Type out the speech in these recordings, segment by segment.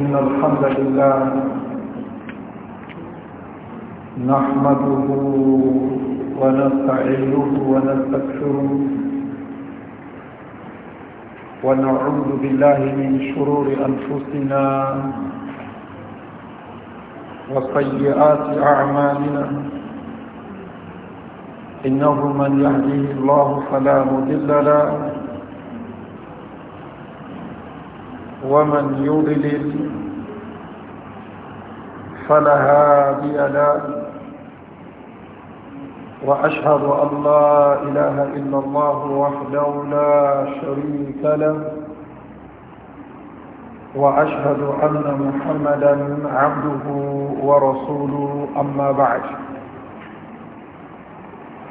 إن الحمد لله نحمده ونستعينه ونستكشره ونعوذ بالله من شرور أنفسنا وسيئات أعمالنا إنه من يهديه الله فلا مضل له ومن يضلل فلا هادي له وأشهد أن لا إله إلا الله وحده لا شريك له وأشهد أن محمدا عبده ورسوله أما بعد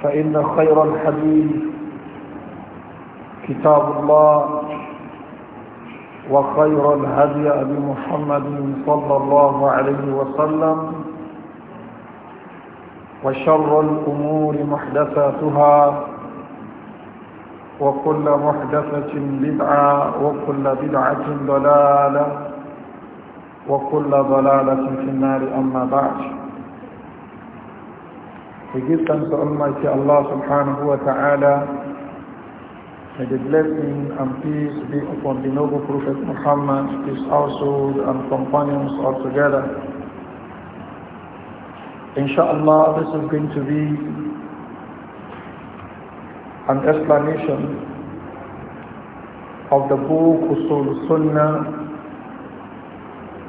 فإن خير الحديث كتاب الله وخير الهدي أبي محمد صلى الله عليه وسلم وشر الأمور محدثاتها وكل محدثة بدعة وكل بدعة ضلالة وكل ضلالة في النار أما بعد فجدت أن الله سبحانه وتعالى May the blessing and peace be upon the noble Prophet Muhammad, his household and companions altogether. Insha'Allah, this is going to be an explanation of the book Usul Sunnah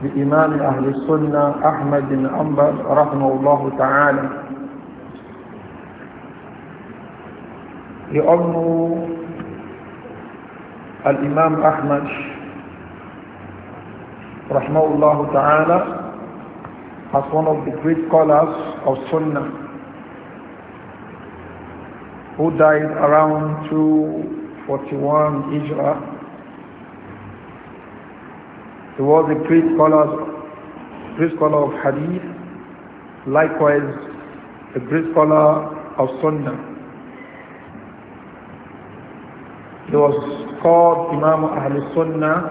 the أهل Ahl Sunnah, Ahmad أنبر رحمه الله تعالى. You all know Al-Imam Ahmad rahmahullah ta'ala as one of the great scholars of Sunnah who died around 241 Hijrah. He was a great scholar, great scholar of Hadith, likewise a great scholar of Sunnah. He was called Imam Ahl Sunnah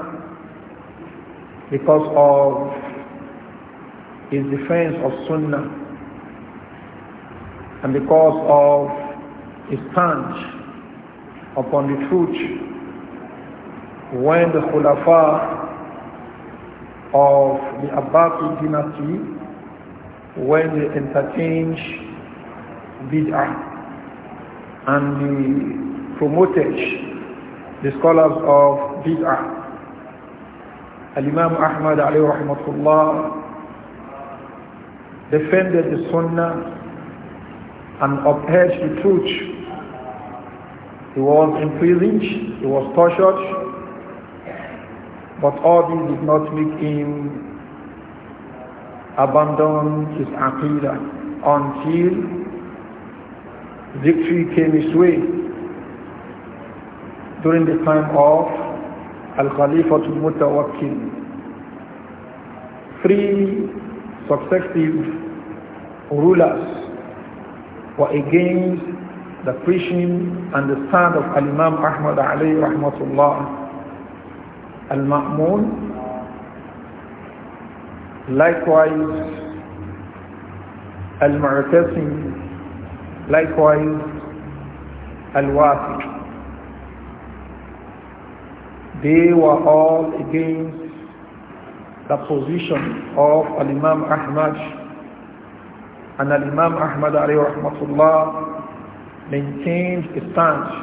because of his defense of Sunnah and because of his stand upon the truth when the Khulafa of the Abbasid dynasty when they interchange bid'ah and they promoted the scholars of Bid'ah. Al-Imam Ahmad alayhi rahmatullah defended the Sunnah and upheld the truth. He was imprisoned, he was tortured, but all this did not make him abandon his aqidah until victory came his way during the time of Al-Khalifatul Mutawakkil. Three successive rulers were against the preaching and the stand of Al-Imam Ahmad alayhi rahmatullah Al-Ma'mun. Likewise, Al-Mu'tasim. Likewise, Al-Wafiq they were all against the position of Al-Imam Ahmad and Al-Imam Ahmad rahmatullah maintained a stance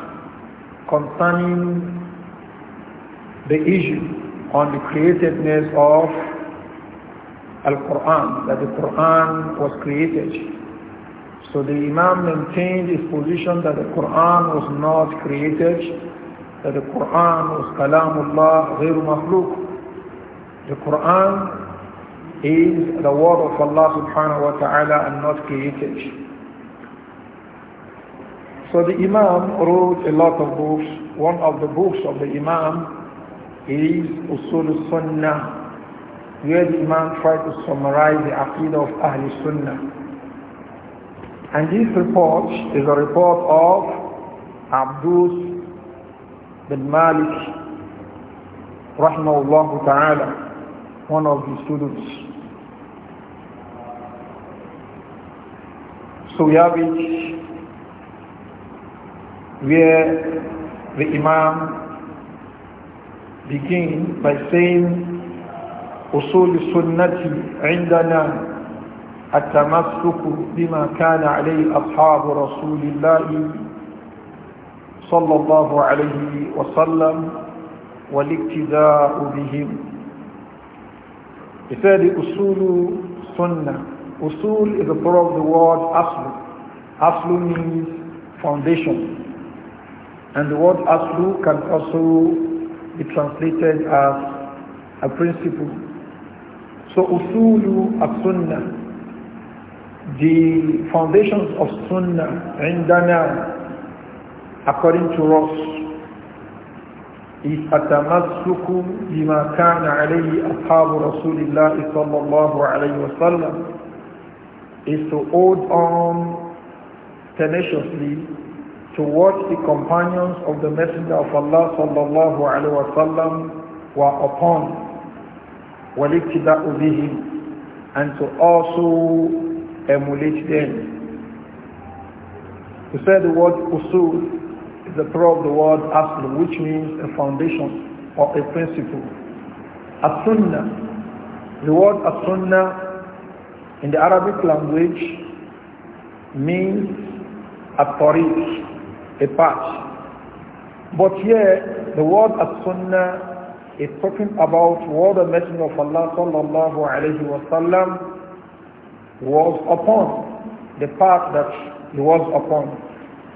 concerning the issue on the createdness of Al-Quran, that the Quran was created. So the Imam maintained his position that the Quran was not created that the Quran was kalamullah غير مخلوق. The Quran is the word of Allah subhanahu wa ta'ala and not created. So the Imam wrote a lot of books. One of the books of the Imam is Usul Sunnah, where the Imam tried to summarize the Aqidah of Ahl Sunnah. And this report is a report of Abdul bin Malik rahimahullah ta'ala one of his students so we have it where the Imam begins by saying أصول السنة عندنا التمسك بما كان عليه أصحاب رسول الله صلى الله عليه وسلم والاقتداء بهم إفادة أصول سنة أصول is a part of the word أصل أصل means foundation and the word aslu can also be translated as a principle. So usulu as-sunnah, the foundations of sunnah, indana, according to us is atamassuku bima kana alayhi ashabu rasulillah sallallahu alayhi wa sallam is to hold on tenaciously to what the companions of the messenger of Allah sallallahu alayhi wa sallam were upon والاقتداء and to also emulate them to say the word usul is the throw of the word asl, which means a foundation or a principle. As-sunnah, the word as-sunnah in the Arabic language means a tariq, a path. But here, the word as-sunnah is talking about what the Messenger of Allah sallallahu alayhi wa sallam was upon, the path that he was upon.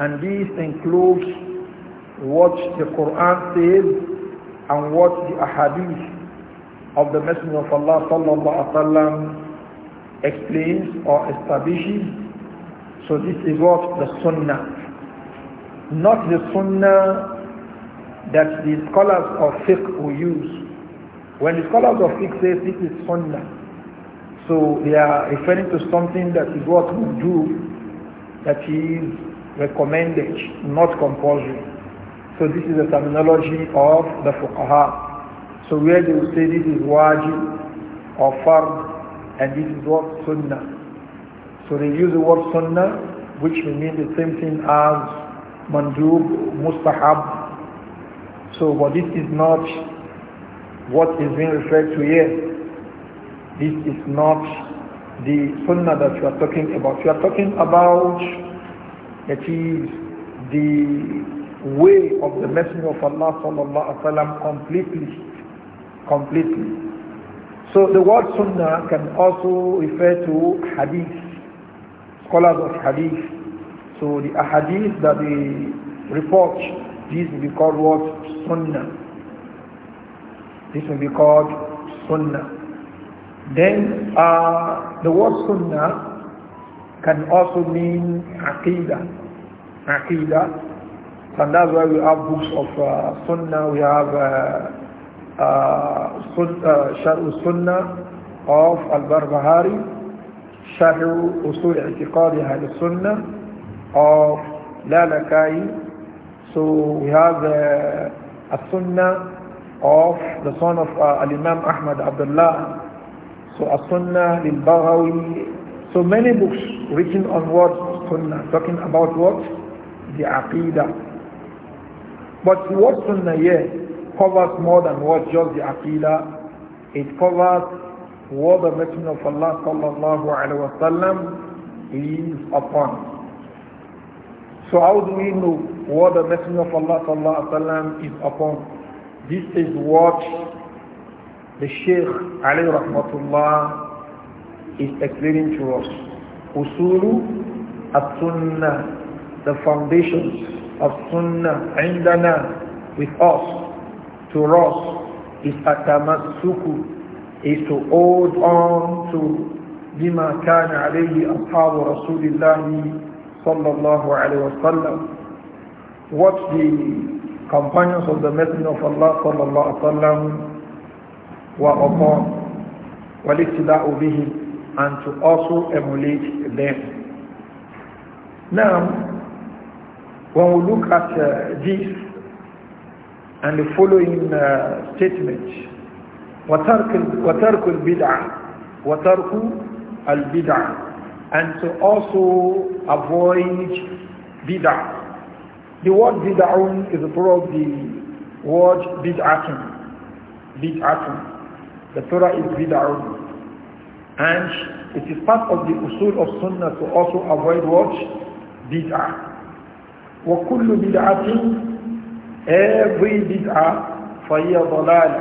And this includes what the Quran says and what the ahadith of the Messenger of Allah sallallahu alaihi wasallam explains or establishes. So this is what the Sunnah, not the Sunnah that the scholars of fiqh will use. When the scholars of fiqh say this is Sunnah, so they are referring to something that is what we do, that is recommended, not compulsory. So this is the terminology of the fuqaha. So where they will say this is wajib or fard and this is what sunnah. So they use the word sunnah which may mean the same thing as mandub, mustahab. So but this is not what is being referred to here. This is not the sunnah that you are talking about. You are talking about that is the way of the Messenger of Allah sallallahu alaihi wasallam completely, completely. So the word sunnah can also refer to hadith, scholars of hadith. So the ahadith that we report, this will be called what sunnah. This will be called sunnah. Then uh, the word sunnah can also mean aqidah. Aqidah. And that's why we have books of uh, sunnah, we have uh, uh, sun, uh, sunnah of Al-Barbahari, شرح أصول of أهل السنة of Lalakai. So we have uh, a sunnah of the son of uh, Al-Imam Ahmad Abdullah. So a sunnah lil-Baghawi so many books written on what Sunnah, talking about what? The Aqidah. But what Sunnah here covers more than what just the Aqidah. It covers what the Messenger of Allah sallallahu alaihi wasallam is upon. So how do we know what the Messenger of Allah sallallahu alaihi wasallam is upon? This is what the Shaykh alayhi rahmatullah is explaining to us. Usulu as-sunnah, the foundations of sunnah, indana, with us, to us, is atamassuku, is to hold on to بما كان alayhi أصحاب رسول الله صلى what the companions of the Messenger of Allah sallallahu الله عليه wa were upon والاقتداء بهم and to also emulate them. Now, when we look at uh, this and the following uh, statement, وَتَرْكُ الْبِدْعَ وَتَرْكُ الْبِدْعَ And to also avoid bid'ah. The word bid'ah is the plural of the word bid'atun. Bid'atun. The plural is bid'ah. And it is part of the usul of sunnah to also avoid what? Bid'ah. وَكُلُّ بِدْعَةٍ Every bid'ah فَهِيَ ضَلَالَ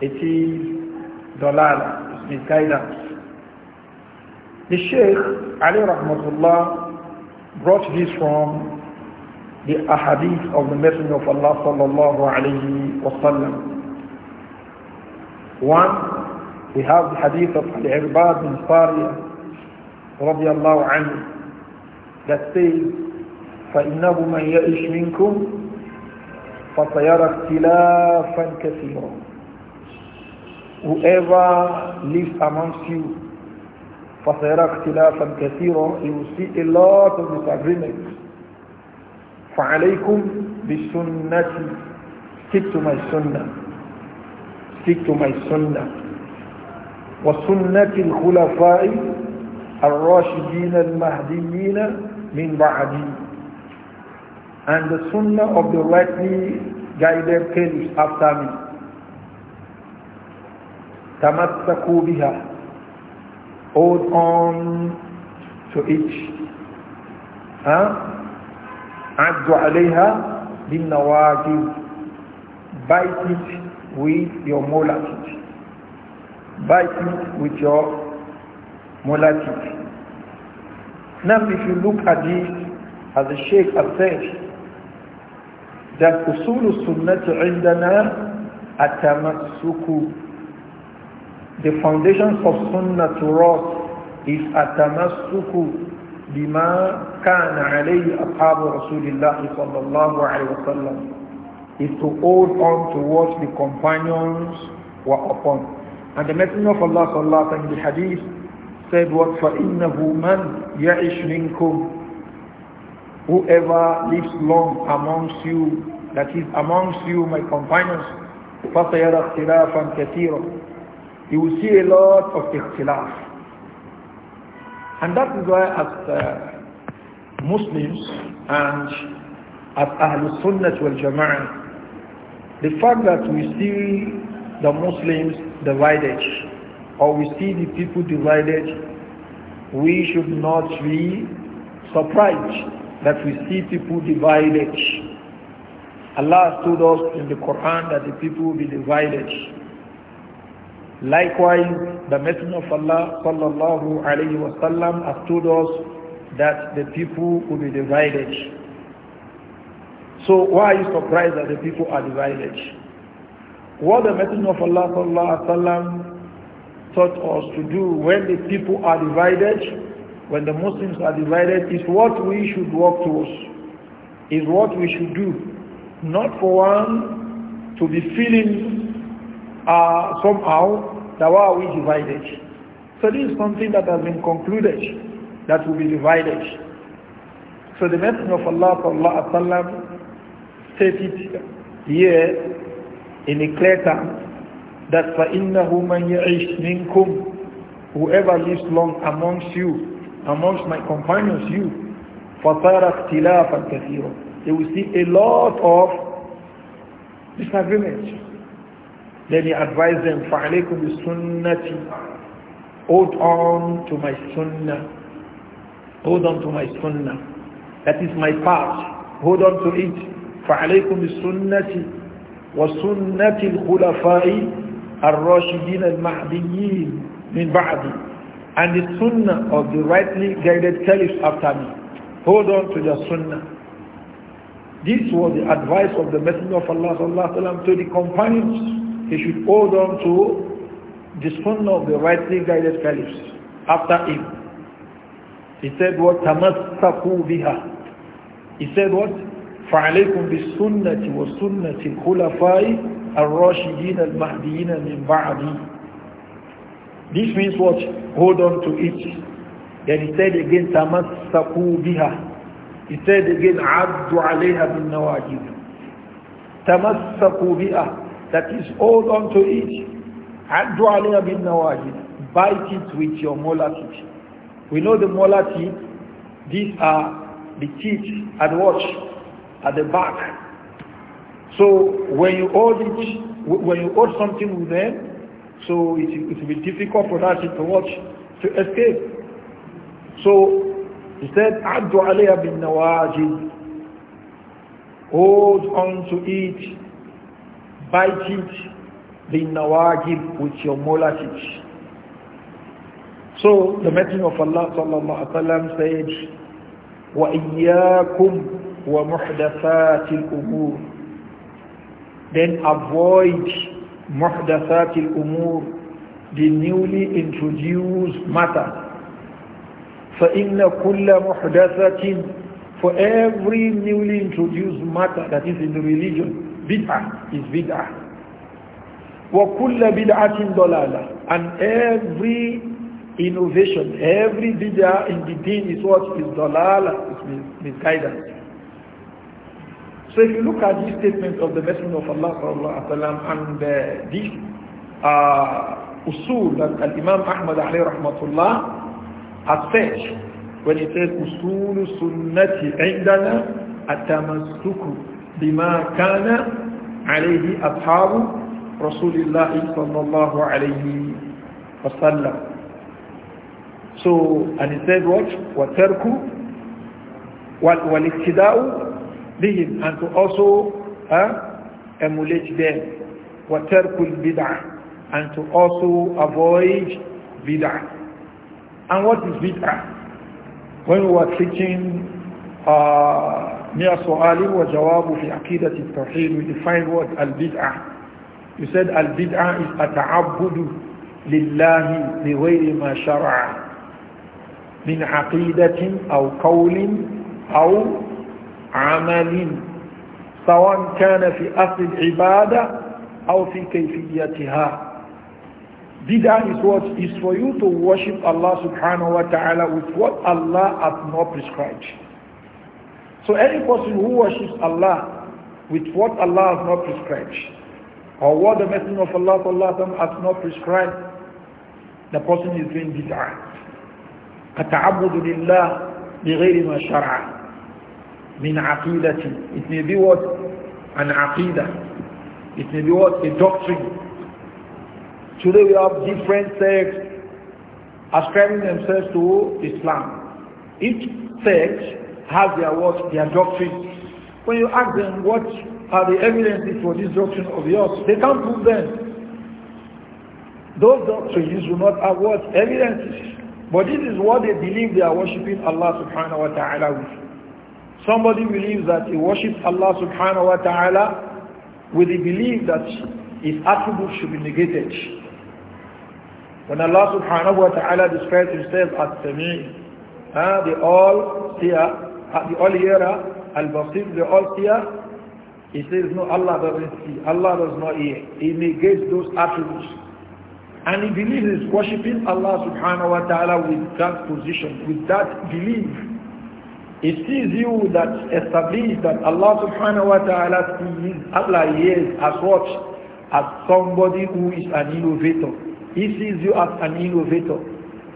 It is dalala, it's misguidance. The Shaykh, Ali Rahmatullah, brought this from the ahadith of the Messenger of Allah sallallahu alayhi wa sallam. One في هذا الحديث of Al-Irbad bin Sariya رضي الله عنه that says فإنه من يعش منكم فسيرى اختلافا كثيرا whoever lives amongst you فسيرى اختلافا كثيرا you will see a lot of disagreements فعليكم بسنتي stick to my sunnah stick to my sunnah وسنة الخلفاء الراشدين المهديين من بعدي and the sunnah of the rightly guided caliphs after me تمسكوا بها hold on to it huh? عدوا عليها بالنواجذ bite it with your molars bite with your molar Now, if you look at this, as the Sheikh has said, that the foundations usul sunnah عندنا atamasuku. The foundations of sunnah to us is atamasuku bima kana alayhi ashab Rasulullah sallallahu alayhi wa sallam. Is to hold on to what the companions were upon. And the Messenger of Allah sallallahu alayhi wa the hadith said, What for? فَإِنَّهُ مَنْ يَعِشْ مِنْكُمْ Whoever lives long amongst you, that is amongst you, my companions, فَسَيَرَ اخْتِلَافًا كَثِيرًا He will see a lot of ikhtilaf. And that is why as uh, Muslims and as Ahlul Sunnah wal Jama'ah, the fact that we see the Muslims divided or we see the people divided, we should not be surprised that we see people divided. Allah told us in the Quran that the people will be divided. Likewise, the Messenger of Allah sallallahu alayhi wasallam has told us that the people will be divided. So why are you surprised that the people are divided? What the message of Allah sallallahu alaihi wasallam taught us to do when the people are divided, when the Muslims are divided, is what we should work towards, is what we should do. Not for one to be feeling uh, somehow that why are we divided. So this is something that has been concluded that will be divided. So the message of Allah sallallahu alaihi wasallam stated here in a clear term that for فَإِنَّهُ مَنْ يَعِشْ minkum Whoever lives long amongst you, amongst my companions, you, فَصَارَ اخْتِلَافًا كَثِيرًا They will see a lot of disagreement. Then he advised them, فَعَلَيْكُمْ sunnati. Hold on to my sunnah. Hold on to my sunnah. That is my path. Hold on to it. is sunnati." وسنة الخلفاء الراشدين المهديين من بعدي and the sunnah of the rightly guided caliphs after me. Hold on to the sunnah. This was the advice of the Messenger of Allah وسلم, to the companions. He should hold on to the sunnah of the rightly guided caliphs after him. He said what? تَمَسَّقُوا biha He said what? فعليكم بالسنة وسنة الخلفاء الراشدين المهديين من بعدي This means what? Hold on to it. Then he said again, تمسكوا بها. He said again, عَدُّوا عَلَيْهَا بِالنَّوَاجِدِ تَمَسَّقُوا بِهَا That is, hold on to it. عَدُّوا عَلَيْهَا بِالنَّوَاجِدِ Bite it with your molar teeth. We know the molar teeth, these are the teeth at watch at the back. So when you hold it, when you hold something with them, so it, it will be difficult for that to watch to escape. So he said, "Adu alayya bin nawajid." Hold on to it, bite it, bin nawajid with your molar teeth. So the Messenger of Allah sallallahu alaihi wasallam said, "Wa iyyakum ومحدثات الأمور then avoid محدثات الأمور the newly introduced matter فإن كل محدثة for every newly introduced matter that is in the religion bid'ah is bid'ah وكل بدعة ضلالة and every innovation every bid'ah in the deen is what is ضلالة it's misguidance So if you look at these statements of the Messenger of Allah sallallahu and uh, these uh, usul that Imam Ahmad alayhi rahmatullah has said when he says usul sunnati indana atamassuku bima kana alayhi ashabu rasulillahi sallallahu alayhi wa sallam. so and he said what Wa terku wa, وَالْإِقْتِدَاءُ بهم and to also emulate them وترك البدع and to also avoid bid'ah and what is bid'ah when we were teaching مئة سؤال وجواب في عقيدة التوحيد we define what al-bid'ah you said al-bid'ah is التعبد لله بغير ما شرع من عقيدة أو قول أو عمل سواء كان في أصل العبادة أو في كيفيتها Bid'ah is what is for you to worship Allah subhanahu wa ta'ala with what Allah has not prescribed. So any person who worships Allah with what Allah has not prescribed, or what the Messenger of Allah sallallahu has not prescribed, the person is doing bid'ah. كتعبد لله بغير ما شرع min aqidati. It may be what? An aqidah. It may be what? A doctrine. Today we have different sects ascribing themselves to Islam. Each sect has their what? Their doctrine. When you ask them what are the evidences for this doctrine of yours, they can't prove them. Those doctrines do not have what? Evidences. But this is what they believe they are worshipping Allah subhanahu wa ta'ala with. Somebody believes that he worships Allah subhanahu wa ta'ala with the belief that his attributes should be negated. When Allah subhanahu wa ta'ala describes himself as Sami, uh, the all-seer, the all-hearer, al-basir, the all-seer, he says, no, Allah doesn't see, Allah does not hear. He negates those attributes. And he believes he's worshipping Allah subhanahu wa ta'ala with that position, with that belief. It sees you that establish that Allah subhanahu wa ta'ala sees Allah is as what? As somebody who is an innovator. He sees you as an innovator.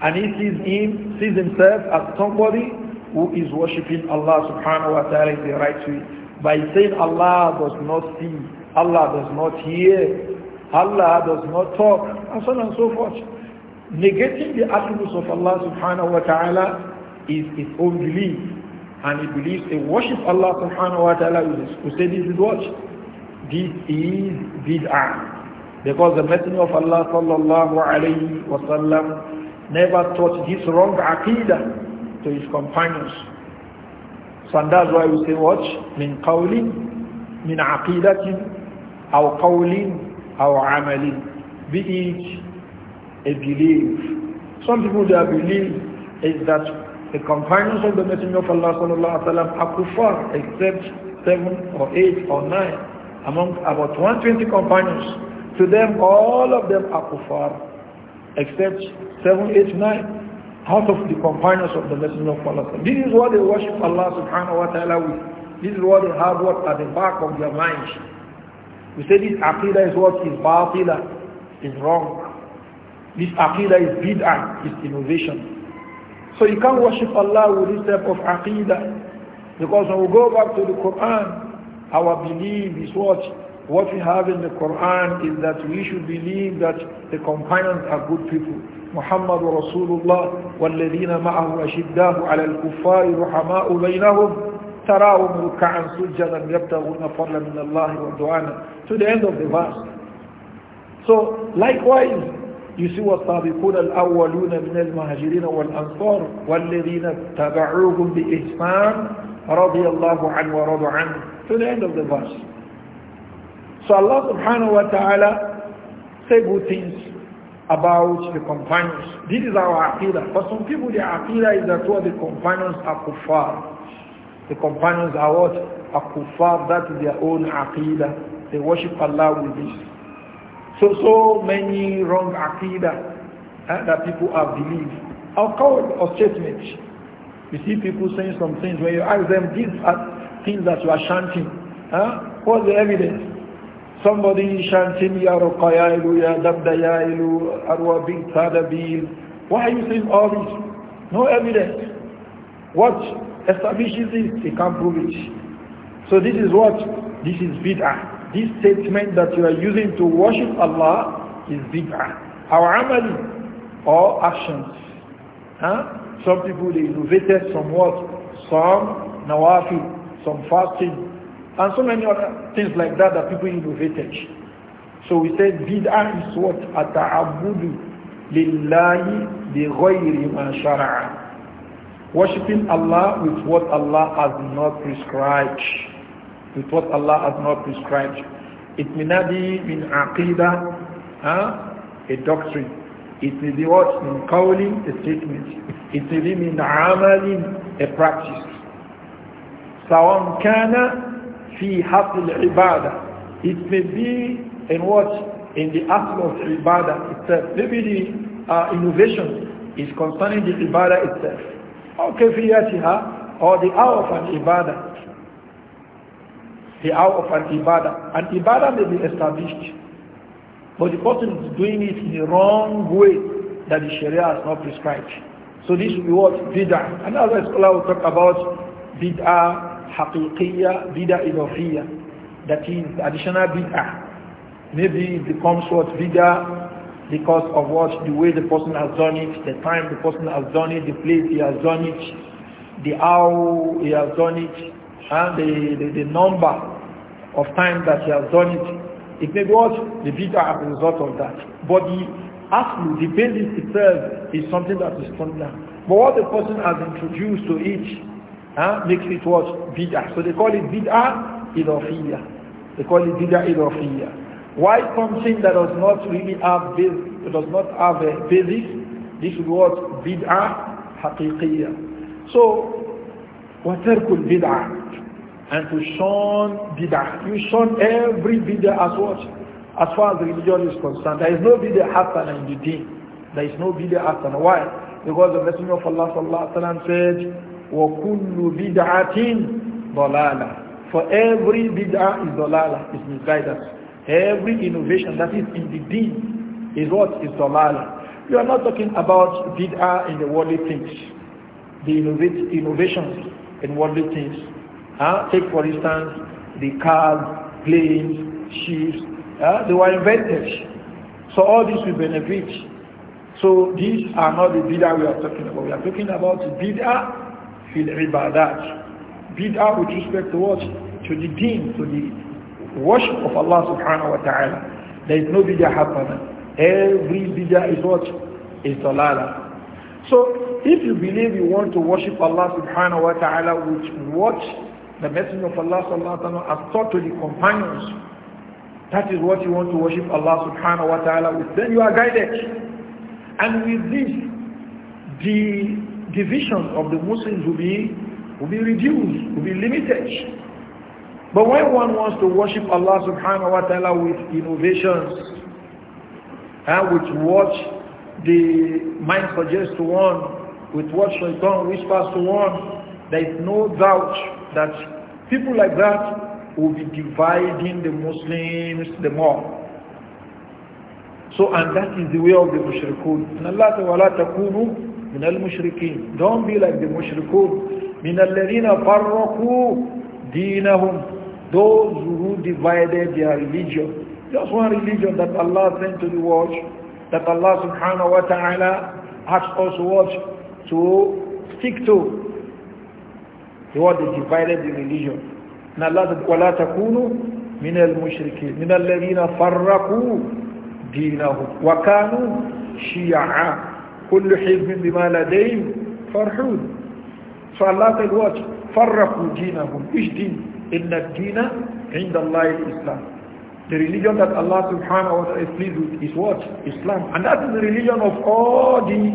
And he sees him, sees himself as somebody who is worshipping Allah subhanahu wa ta'ala in the right way. By saying Allah does not see, Allah does not hear, Allah does not talk, and so on and so forth. Negating the attributes of Allah subhanahu wa ta'ala is his own belief and he believes they worship Allah subhanahu wa ta'ala who say this is what? This is bid'ah. Because the Messenger of Allah sallallahu alayhi wa sallam never taught this wrong aqidah to his companions. So and that's why we say what? Min qawlin, min aqidatin, aw qawlin, aw amalin. Be each a belief. Some people their belief is that the companions of the Messenger of Allah sallallahu alaihi wasallam are kuffar except seven or eight or nine among about 120 companions. To them, all of them are kuffar except seven, eight, nine out of the companions of the Messenger of Allah. This is what they worship Allah subhanahu wa ta'ala with. This is what they have what at the back of their minds. We say this aqidah is what is batila, is wrong. This aqidah is bid'ah, is innovation. So you can't worship Allah with this type of aqidah. Because when we go back to the Quran, our belief is what? What we have in the Quran is that we should believe that the companions are good people. محمد رسول الله والذين معه أشداء على الكفار رحماء بينهم تراهم ركعا سجدا يبتغون فضلا من الله ودعانا to the end of the verse so likewise you see والسابقون الأولون من المهاجرين والأنصار والذين تبعوهم بإحسان رضي الله عنه ورضوا عنه to the end of the verse. So Allah subhanahu wa ta'ala say good things about the companions. This is our aqidah. For some people the aqidah is that what the companions are kuffar. The companions are what? Are kuffar. That is their own aqidah. They worship Allah with this. So, so many wrong akida eh, that people have believed. Or called or statement. You see people saying some things when you ask them, these are things that you are chanting. Huh? What's the evidence? Somebody chanting, Ya ilu Ya Dabdayailu, Arwabi, Tadabil. Why are you saying all this? No evidence. What establishes it, they can't prove it. So this is what? This is bid'ah this statement that you are using to worship Allah is bid'ah. Our amal, or actions. Huh? Some people, they innovated some what? Some nawafi, some fasting, and so many other things like that that people innovated. So we said bid'ah is what? Ata'abudu lillahi bi ghayri ma shara'a. Worshipping Allah with what Allah has not prescribed with what Allah has not prescribed. It may not be in aqidah, huh? a doctrine. It may be what? In calling, a statement. It may be in amalin, a practice. سواء كان في حق ibadah? it may be in what in the aspect of ibadah itself maybe the uh, innovation is concerning the ibadah itself okay فياتها or the hour of an ibadah the hour of an ibadah. An ibadah may be established, but the person is doing it in the wrong way that the Sharia has not prescribed. So this will be what? Bid'ah. Another scholar will talk about bid'ah haqiqiyya, bid'ah idafiyya. That is additional bid'ah. Maybe it becomes what? Bid'ah because of what? The way the person has done it, the time the person has done it, the place he has done it, the hour he has done it, and the, the, the number of time that he has done it. It may be what the bid'ah as a result of that. But the absolute, the basis itself is something that is fundamental. But what the person has introduced to it huh, makes it what? Bid'ah. So they call it bid'ah idofiyah. They call it bid'ah idofiyah. Why something that does not really have base, does not have a basis, this is what bid'ah haqiqiyah. So, وَتَرْكُ الْبِدْعَةِ and to shun bidah. You shun every bidah as what? As far as religion is concerned. There is no bidah hasana in the deen. There is no bidah hasana. Why? Because the Messenger of Allah sallallahu said, وَكُلُّ بِدْعَةٍ ضَلَالَةٍ For every bid'ah is dolala, is misguidance. Every innovation that is in the deen is what? Is dolala. You are not talking about bid'ah in the worldly things. The innovations in worldly things. Uh, take for instance the cars, planes, ships. Uh, they were invented. So all this will benefit. So these are not the bid'ah we are talking about. We are talking about bid'ah fil ibadat. Bid'ah with respect to what? To the deen, to the worship of Allah subhanahu wa ta'ala. There is no bid'ah happening. Every bid'ah is what? Is dalala. So if you believe you want to worship Allah subhanahu wa ta'ala with what the Messenger of Allah sallallahu wa Taala has taught to the companions. That is what you want to worship Allah subhanahu wa ta'ala with. Then you are guided. And with this, the division of the Muslims will be, will be reduced, will be limited. But when one wants to worship Allah subhanahu wa ta'ala with innovations, and with what the mind suggests to one, with what shaitan whispers to one, there is no doubt that people like that will be dividing the Muslims the more. So, and that is the way of the mushrikun. And Allah ta'ala takunu min al-mushrikeen. Don't be like the mushrikun. Min al-ladhina farraku dinahum. Those who divided their religion. Just one religion that Allah sent to the world, that Allah subhanahu wa ta'ala has also watched to stick to. He what they divided the religion. وَلَا تَكُونُوا مِنَ الْمُشْرِكِينَ مِنَ الَّذِينَ فَرَّقُوا دِينَهُمْ وَكَانُوا شِيَعًا كُلُّ حِزْبٍ بِمَا لَدَيْهِمْ فَرْحُونَ So Allah said what? فَرَّقُوا دِينَهُمْ Which deen? إِنَّ الدِّينَ عِنْدَ اللَّهِ الْإِسْلَامِ the religion that Allah subhanahu wa ta'ala is pleased with is what? Islam. And that is the religion of all the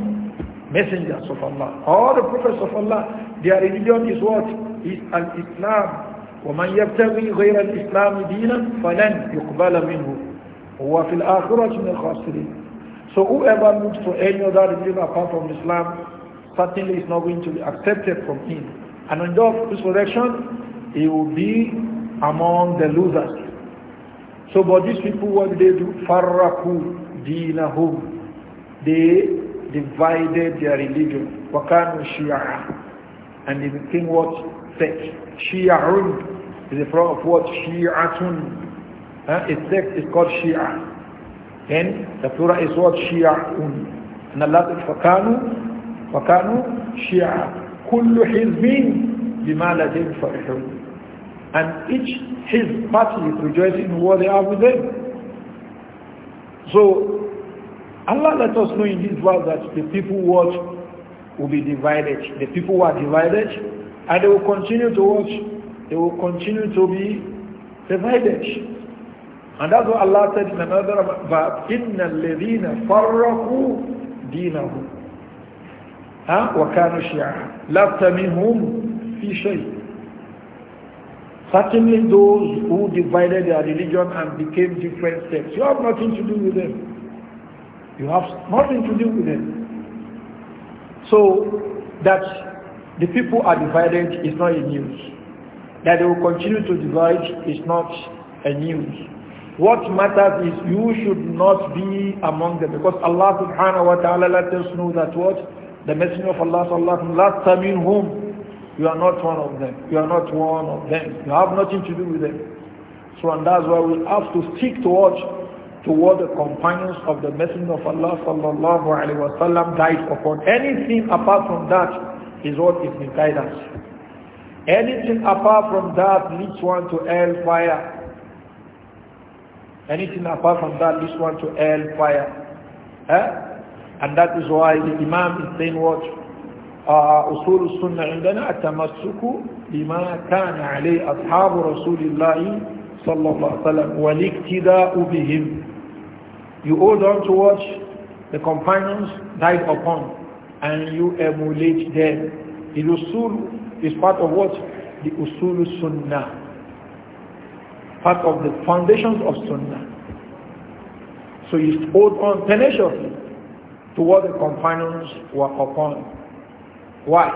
messengers of Allah, all the prophets of Allah. Their religion is what? Is al-Islam. ومن يبتغي غير الإسلام دينا فلن يقبل منه هو في الآخرة من الخاسرين So whoever looks for any other religion apart from Islam certainly is not going to be accepted from him. And on the resurrection, he will be among the losers. So but these people, what they do? Farraku dinahum. They divided their religion. وَكَانُوا شِيَعًا and in became what? Sect. Shia'un is a form of what? Shi'atun. Uh, a sect is called Shia. Then the plural is what? Shia'un. And Allah said, فَكَانُوا فَكَانُوا شِيَعًا كُلُّ حِزْبٍ بِمَا لَدَيْهِمْ فَرِحُونَ and each his party is rejoicing what they are with them. So Allah let us know in this world that the people watch will be divided. The people who are divided, and they will continue to watch. They will continue to be divided. And that's what Allah said in another verse, إِنَّ الَّذِينَ فَرَّقُوا دِينَهُمْ ها وكانوا شيعا لست منهم في شيء Certainly those who divided their religion and became different sects, you have nothing to do with them. You have nothing to do with them. So that the people are divided is not a news. That they will continue to divide is not a news. What matters is you should not be among them because Allah subhanahu wa ta'ala let us know that what? The Messenger of Allah sallallahu last time in whom you are not one of them. You are not one of them. You have nothing to do with them. So and that's why we have to stick to what toward the companions of the Messenger of Allah sallallahu alaihi wasallam died upon. Anything apart from that is what is guidance. Anything apart from that leads one to hellfire. Anything apart from that leads one to hellfire. Eh? And that is why the Imam is saying what? أصول السنة عندنا التمسك بما كان عليه أصحاب رسول الله صلى الله عليه وسلم والاقتداء بهم you hold on to what the companions died upon and you emulate them. The usul is part of what? The usul sunnah. Part of the foundations of sunnah. So you hold on tenaciously to what the companions were upon. Why?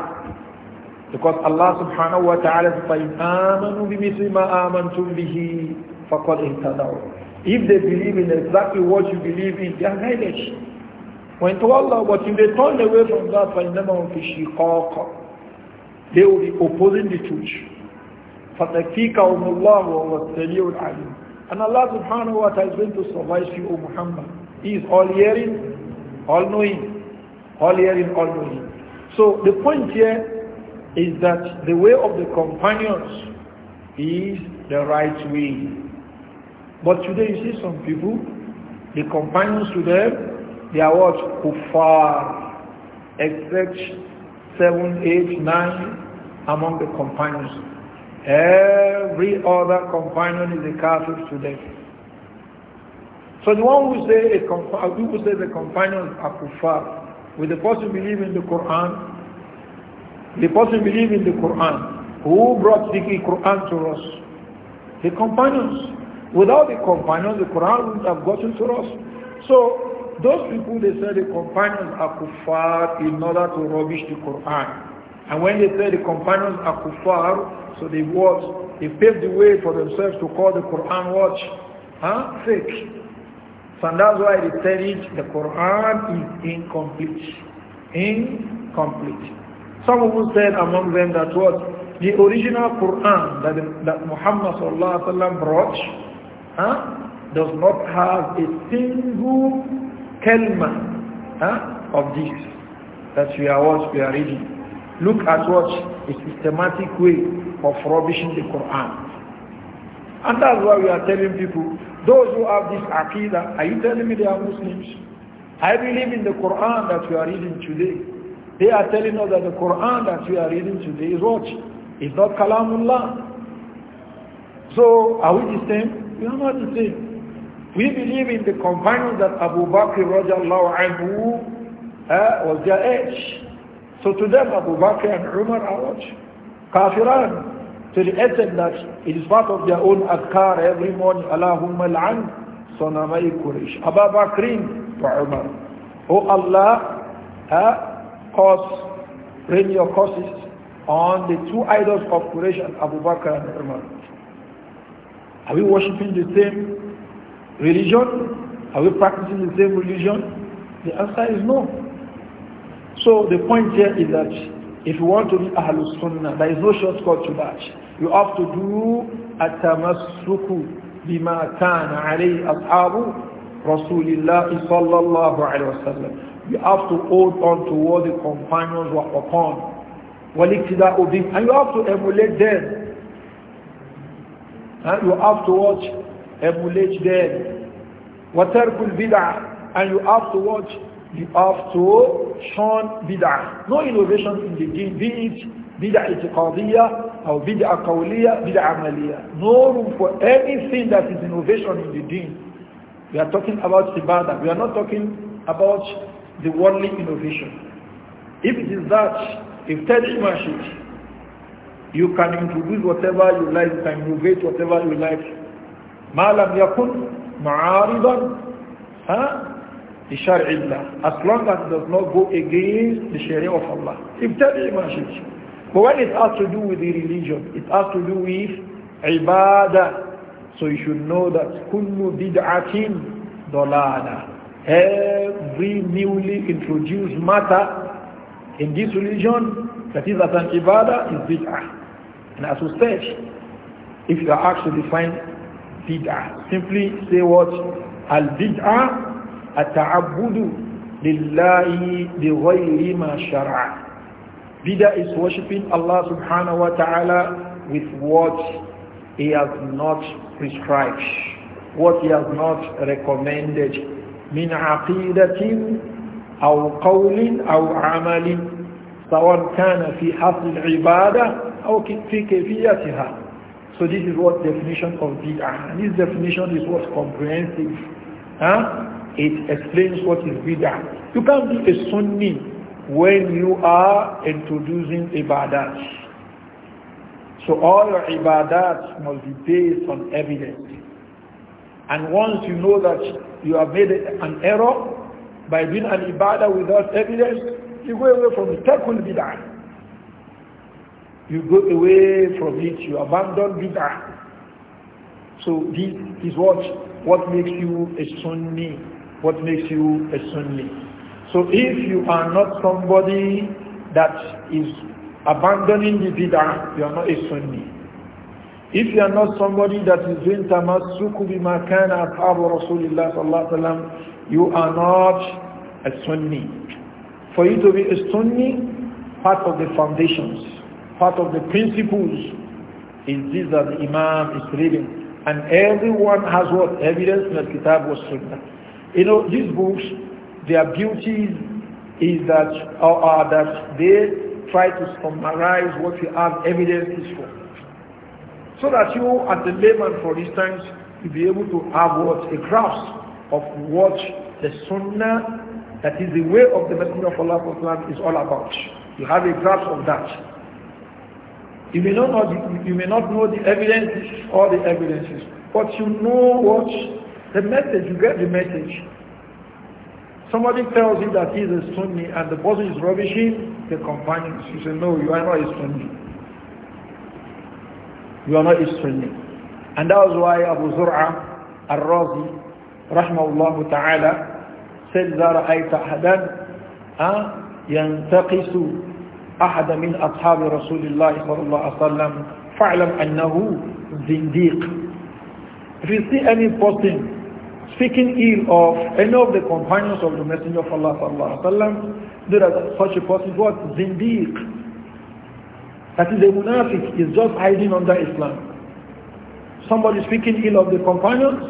Because Allah subhanahu wa ta'ala says, آمنوا بمثل ما آمنتم به فقد اهتدوا if they believe in exactly what you believe in, they are guided. When to Allah, but if they turn away from that, they will be opposing the truth. فَتَكْفِيكَهُمُ اللَّهُ وَهُوَ السَّمِيعُ الْعَلِيمُ and Allah subhanahu wa ta'ala is going to suffice you, O Muhammad. He is all hearing, all knowing. All hearing, all knowing. So the point here is that the way of the companions is the right way. But today you see some people, the companions to them, they are what? far Except seven, eight, nine among the companions. Every other companion is a Catholic today. So the one who say a uh, who say the companions are far? with the person believe in the Quran, the person believe in the Quran, who brought the Quran to us, the companions. Without the companions, the Quran wouldn't have gotten to us. So those people, they said the companions are kuffar in order to rubbish the Quran. And when they say the companions are kuffar, so they what? They paved the way for themselves to call the Quran what? Huh? Fake. So that's why they tell it the Quran is incomplete. Incomplete. Some of them said among them that what? The original Quran that, that Muhammad brought huh, does not have a single kelma huh, of this that we are what we are reading. Look at what a systematic way of rubbishing the Quran. And that's why we are telling people, those who have this aqidah, are you telling me they are Muslims? I believe in the Quran that we are reading today. They are telling us that the Quran that we are reading today is what? It's not Kalamullah. So are we the same? You are not the same. We believe in the companions that Abu Bakr radiallahu anhu uh, was their age. So to them Abu Bakr and Umar are what? Kafiran. To the extent that it is part of their own adkar every morning. Allahumma al'an sanamai Quraysh. Abu Bakrin wa Umar. Oh Allah, uh, cause, bring your curses on the two idols of Quraysh and Abu Bakr and Umar. Are we worshipping the same religion? Are we practicing the same religion? The answer is no. So the point here is that if you want to be Ahlul Sunnah, there is no shortcut to that. You have to do at-tamassuku bima kana alayhi ashabu Rasulillah sallallahu alayhi wasallam. You have to hold on to what the companions were upon. وَلِكْتِدَاءُ بِهِمْ And you have to emulate them. And you have to watch, emulate them. be bid'ah, And you have to watch, you have to shun bid'ah. No innovation in the deen, be it bid'ah itiqadiyya or bid'ah qawliya, bid'ah amaliyya. No room for anything that is innovation in the deen. We are talking about ibadah. We are not talking about the worldly innovation. If it is that, if Teddy mashit, you can introduce whatever you like, you can innovate whatever you like. Malam yakun ma'aridan لشرع الله as long as it does not go against the Sharia of Allah. ابتدع ما شئت. But when it has to do with the religion, it has to do with ibadah. So you should know that كل بدعة ضلالة. Every newly introduced matter in this religion that is as an ibadah is bid'ah. And as we said, if you are asked to define bid'ah, simply say what? Al-bid'ah at ta'abudu lillahi bighayri ma shar'a. Bid'ah is worshipping Allah subhanahu wa ta'ala with what He has not prescribed, what He has not recommended. Min aqidatin أو قول أو عمل سواء كان fi حصر العبادة أو في كيفيتها so this is what definition of bid'ah and this definition is what comprehensive huh? it explains what is bid'ah you can't be a sunni when you are introducing ibadat so all your ibadat must be based on evidence and once you know that you have made an error by doing an ibadah without evidence, you go away from the Takul bid'ah you go away from it, you abandon bid'ah. So this is what what makes you a Sunni, what makes you a Sunni. So if you are not somebody that is abandoning the bid'ah, you are not a Sunni. If you are not somebody that is doing tamassuku bima kana ashabu Rasulullah sallallahu alaihi wasallam, you are not a Sunni. For you to be a Sunni, part of the foundations part of the principles is this that the Imam is reading. And everyone has what? Evidence that Kitab was Sunnah. You know, these books, their beauty is that, or, or that they try to summarize what you have evidence is for. So that you, as a layman, for instance, you be able to have what? A grasp of what the Sunnah, that is the way of the Messenger of Allah is all about. You have a grasp of that. You may not know the, you may not know the evidence or the evidences, but you know what the message. You get the message. Somebody tells you that he is a Sunni and the person is rubbishing the companions. You say, no, you are not a Sunni. You are not a Sunni. And that was why Abu Zur'a al-Razi, rahmahullah ta'ala, said, إذا رأيت أحدا ينتقص أحد من أصحاب رسول الله صلى الله عليه وسلم فاعلم أنه زنديق if you see any person speaking ill of any of the companions of the messenger of Allah الله عليه وسلم, do that such a person is what zindiq that is a munafiq is just hiding under Islam somebody speaking ill of the companions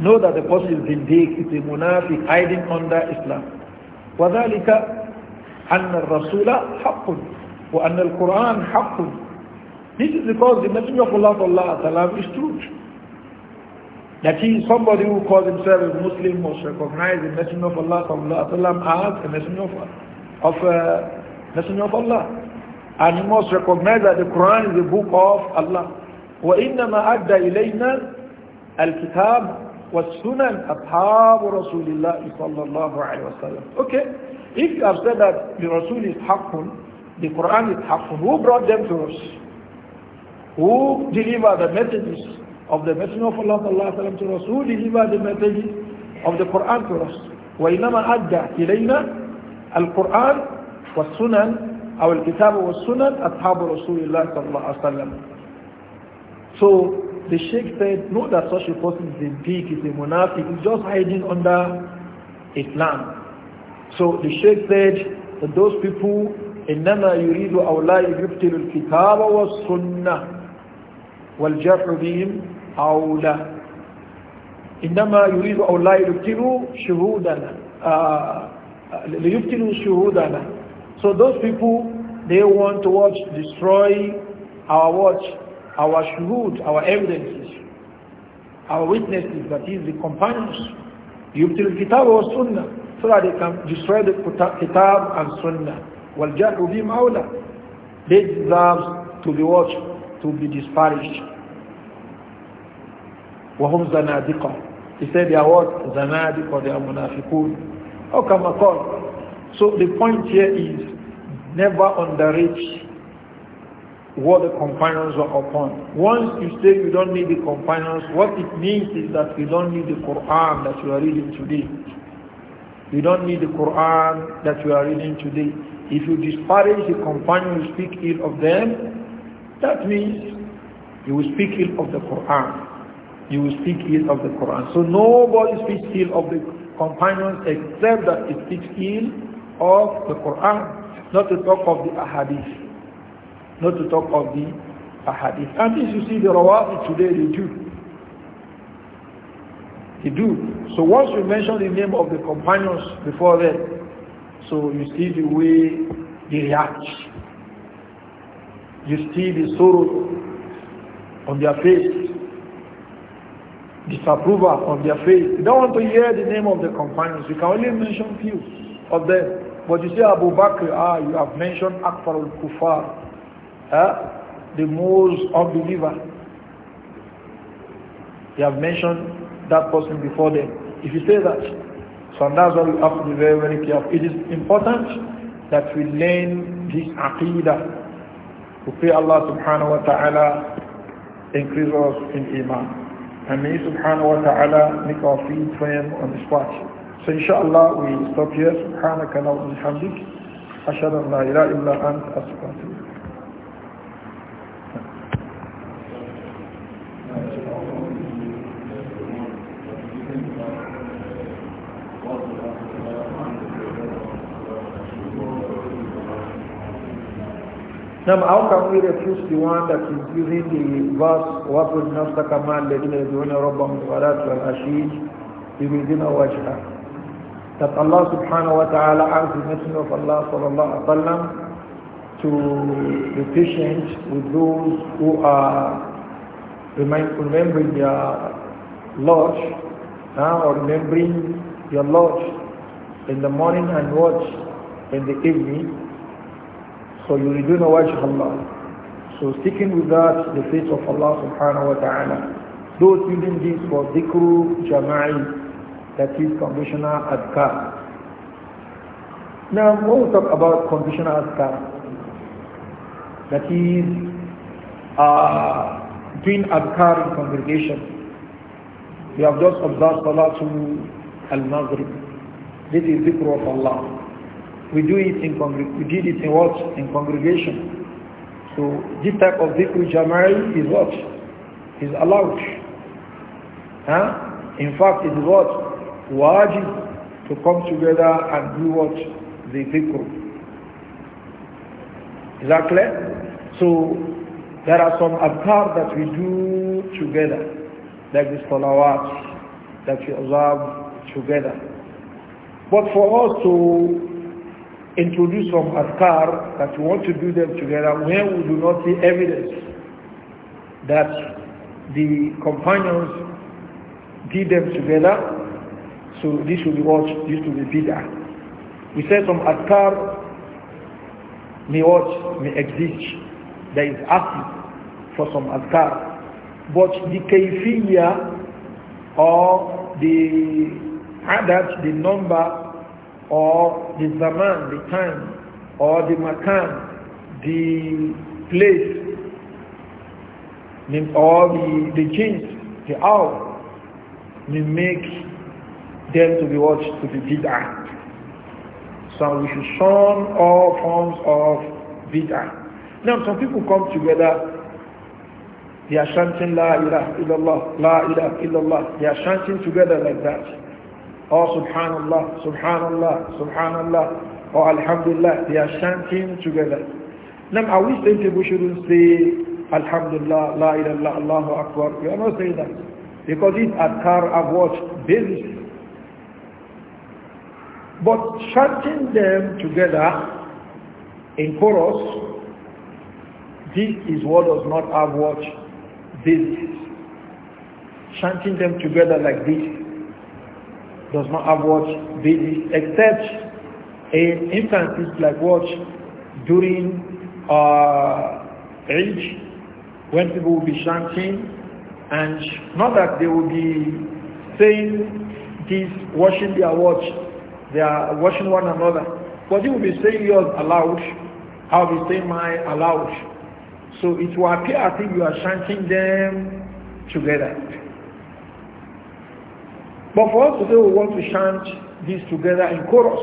know that the person is zindiq is a munafiq hiding under Islam وذلك أن الرسول حق وأن القرآن حق This is because the Messenger of Allah sallallahu is truth. That he is somebody who calls himself a Muslim must recognize the Messenger of Allah sallallahu as a Messenger of, of uh, Messenger of Allah. And he must recognize that the Quran is the book of Allah. وإنما أدى إلينا الكتاب والسنن أصحاب رسول الله صلى الله عليه وسلم. Okay. If you have said that the Rasul is Haqqun, the Quran is Haqqun, who brought them to us? Who delivered the messages of the Messenger of Allah وسلم, to us? Who delivered the messages of the Quran to us? وإنما أدى إلينا القرآن والسنن أو الكتاب والسنن أصحاب رسول الله صلى الله عليه وسلم. So the Sheikh said, not that such a person is a pig, is a monarchy, he's just hiding under Islam. So the Sheikh said that those people, إِنَّمَا يُرِيدُ أَوْلَاءِ يُبْتِلُ الْكِتَابَ وَالسُّنَّةِ وَالْجَرْحُ بِهِمْ أَوْلَى إِنَّمَا يُرِيدُ أَوْلَاءِ يُبْتِلُوا شُهُودَنَا لِيُبْتِلُوا شُهُودَنَا So those people, they want to watch, destroy our watch, our shuhud, our evidences, our witnesses, that is the companions. يُبْتِلُ الْكِتَابَ وَالسُّنَّةِ so that they can destroy the Kitab and Sunnah. Wal jahu bim awla. They deserve to be watched, to be disparaged. وهم زنادقة. He said they are what? زنادقة, they are مُنافقون. How come I call? So the point here is never underrate what the companions were upon. Once you say you don't need the companions, what it means is that you don't need the Quran that you are reading today. You don't need the Quran that you are reading today. If you disparage the companion who speak ill of them, that means you will speak ill of the Quran. You will speak ill of the Quran. So nobody speaks ill of the companions except that he speaks ill of the Quran. Not to talk of the ahadith. Not to talk of the ahadith. And this you see the Rawati today the do he do. So once you mention the name of the companions before them, so you see the way they react. You see the sorrow on their face, disapproval on their face. You don't want to hear the name of the companions. You can only mention few of them. But you see Abu Bakr, ah, you have mentioned Akbar al-Kufar, ah, the most unbeliever. You have mentioned that person before them. If you say that, so that's why we have to be very, very careful. It is important that we learn this aqidah. We pray Allah subhanahu wa ta'ala increase us in iman. And may subhanahu wa ta'ala make our feet firm on the spot. So inshallah we stop here. Subhanaka اللهم وبحمدك أشهد أن لا إله إلا أنت أستغفرك Now, how can we refuse the one that is using the verse وَقُدْ نَفْسَكَ مَا الَّذِينَ يَدْعُونَ رَبَّهُمْ وَلَاتُ وَالْعَشِيجِ يُرِيدُونَ وَجْهَهُ That Allah subhanahu wa ta'ala asked the Messenger of Allah sallallahu alaihi wasallam to be patient with those who are remembering their Lord, uh, or remembering your Lord in the morning and watch in the evening so you do know wajh Allah. So sticking with that, the face of Allah subhanahu wa ta'ala. Those using this for dhikru jama'i, that is conditional adkar. Now when we talk about conditional adkar, that is uh, doing adhkar in congregation. We have just observed to Al-Maghrib. This is dhikr of Allah. We do it in we did it in what? In congregation. So this type of dhikr jamari is what? Is allowed. Huh? In fact, it is what? Wajib to come together and do what? The dhikr. Is that clear? So there are some adhkar that we do together, like the salawat that we observe together. But for us to introduce some askar that you want to do them together where we do not see evidence that the companions did them together. So this will be what? This will be bigger. We said some askar may what? May exist. There is asking for some askar. But the kayfiyya or the adat, the number or the zaman, the time, or the makan, the place, or the, the change, the hour, may make them to be watched to be bid'ah. So we should shun all forms of bid'ah. Now some people come together, they are chanting La ilaha illallah, La ilaha illallah, they are chanting together like that. Oh, subhanallah, subhanallah, subhanallah, or oh, alhamdulillah, they are chanting together. Now, are we saying people shouldn't say alhamdulillah, la ilaha allahu akbar? We are not saying that. Because these adkar have watched this, But chanting them together in chorus, this is what does not have what? this. Chanting them together like this does not have watch baby except in infancies like watch during uh, age when people will be chanting and not that they will be saying this washing their watch they are washing one another but you will be saying yours aloud I will be saying aloud so it will appear as if you are chanting them together but for us today, we want to chant this together in chorus.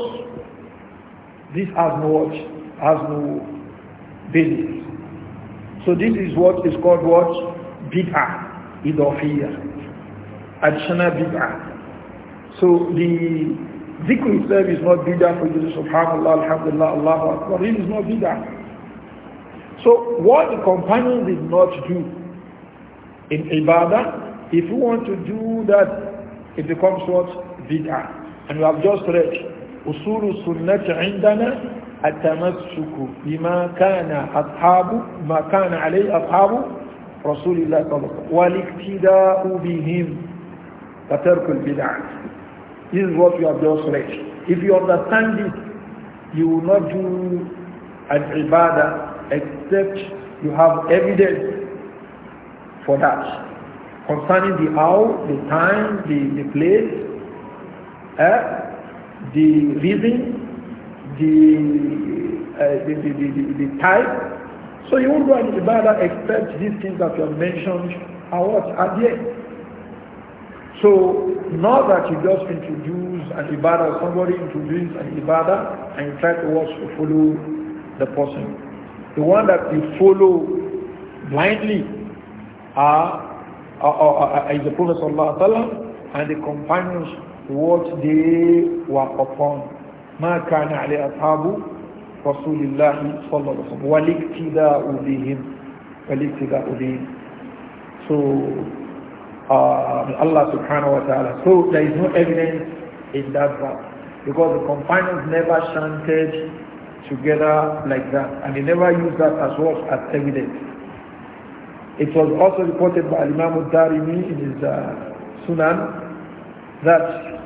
This has no what? Has no basis. So this is what is called what? Bid'ah, idofiyah, additional bid'ah. So the zikr itself is not bid'ah for you to subhanallah, alhamdulillah, Allahu Akbar. It is not bid'ah. So what the companion did not do in ibadah, if you want to do that it becomes what? Bid'ah. And we have just read, أصول السنة عندنا التمسك بما كان أصحاب ما كان عليه أصحاب رسول الله صلى الله عليه وسلم والاقتداء بهم فترك البدع This is what you have just read. If you understand it, you will not do an ibadah except you have evidence for that concerning the hour, the time, the, the place, uh, the reason, the, uh, the, the, the, the, type. So you won't go and ibadah expect these things that you have mentioned are what are there. So not that you just introduce an ibadah, somebody introduces an ibadah and you try to watch to follow the person. The one that you follow blindly are uh, uh, uh, uh, is the Prophet sallam, and the companions what they were upon. ما كان على أصحاب رسول الله صلى الله عليه وسلم والاقتداء بهم والاقتداء بهم so uh, Allah subhanahu wa ta'ala so there is no evidence in that verse because the companions never chanted together like that and they never used that as what well as evidence it was also reported by Imam al-Darimi in his uh, Sunan that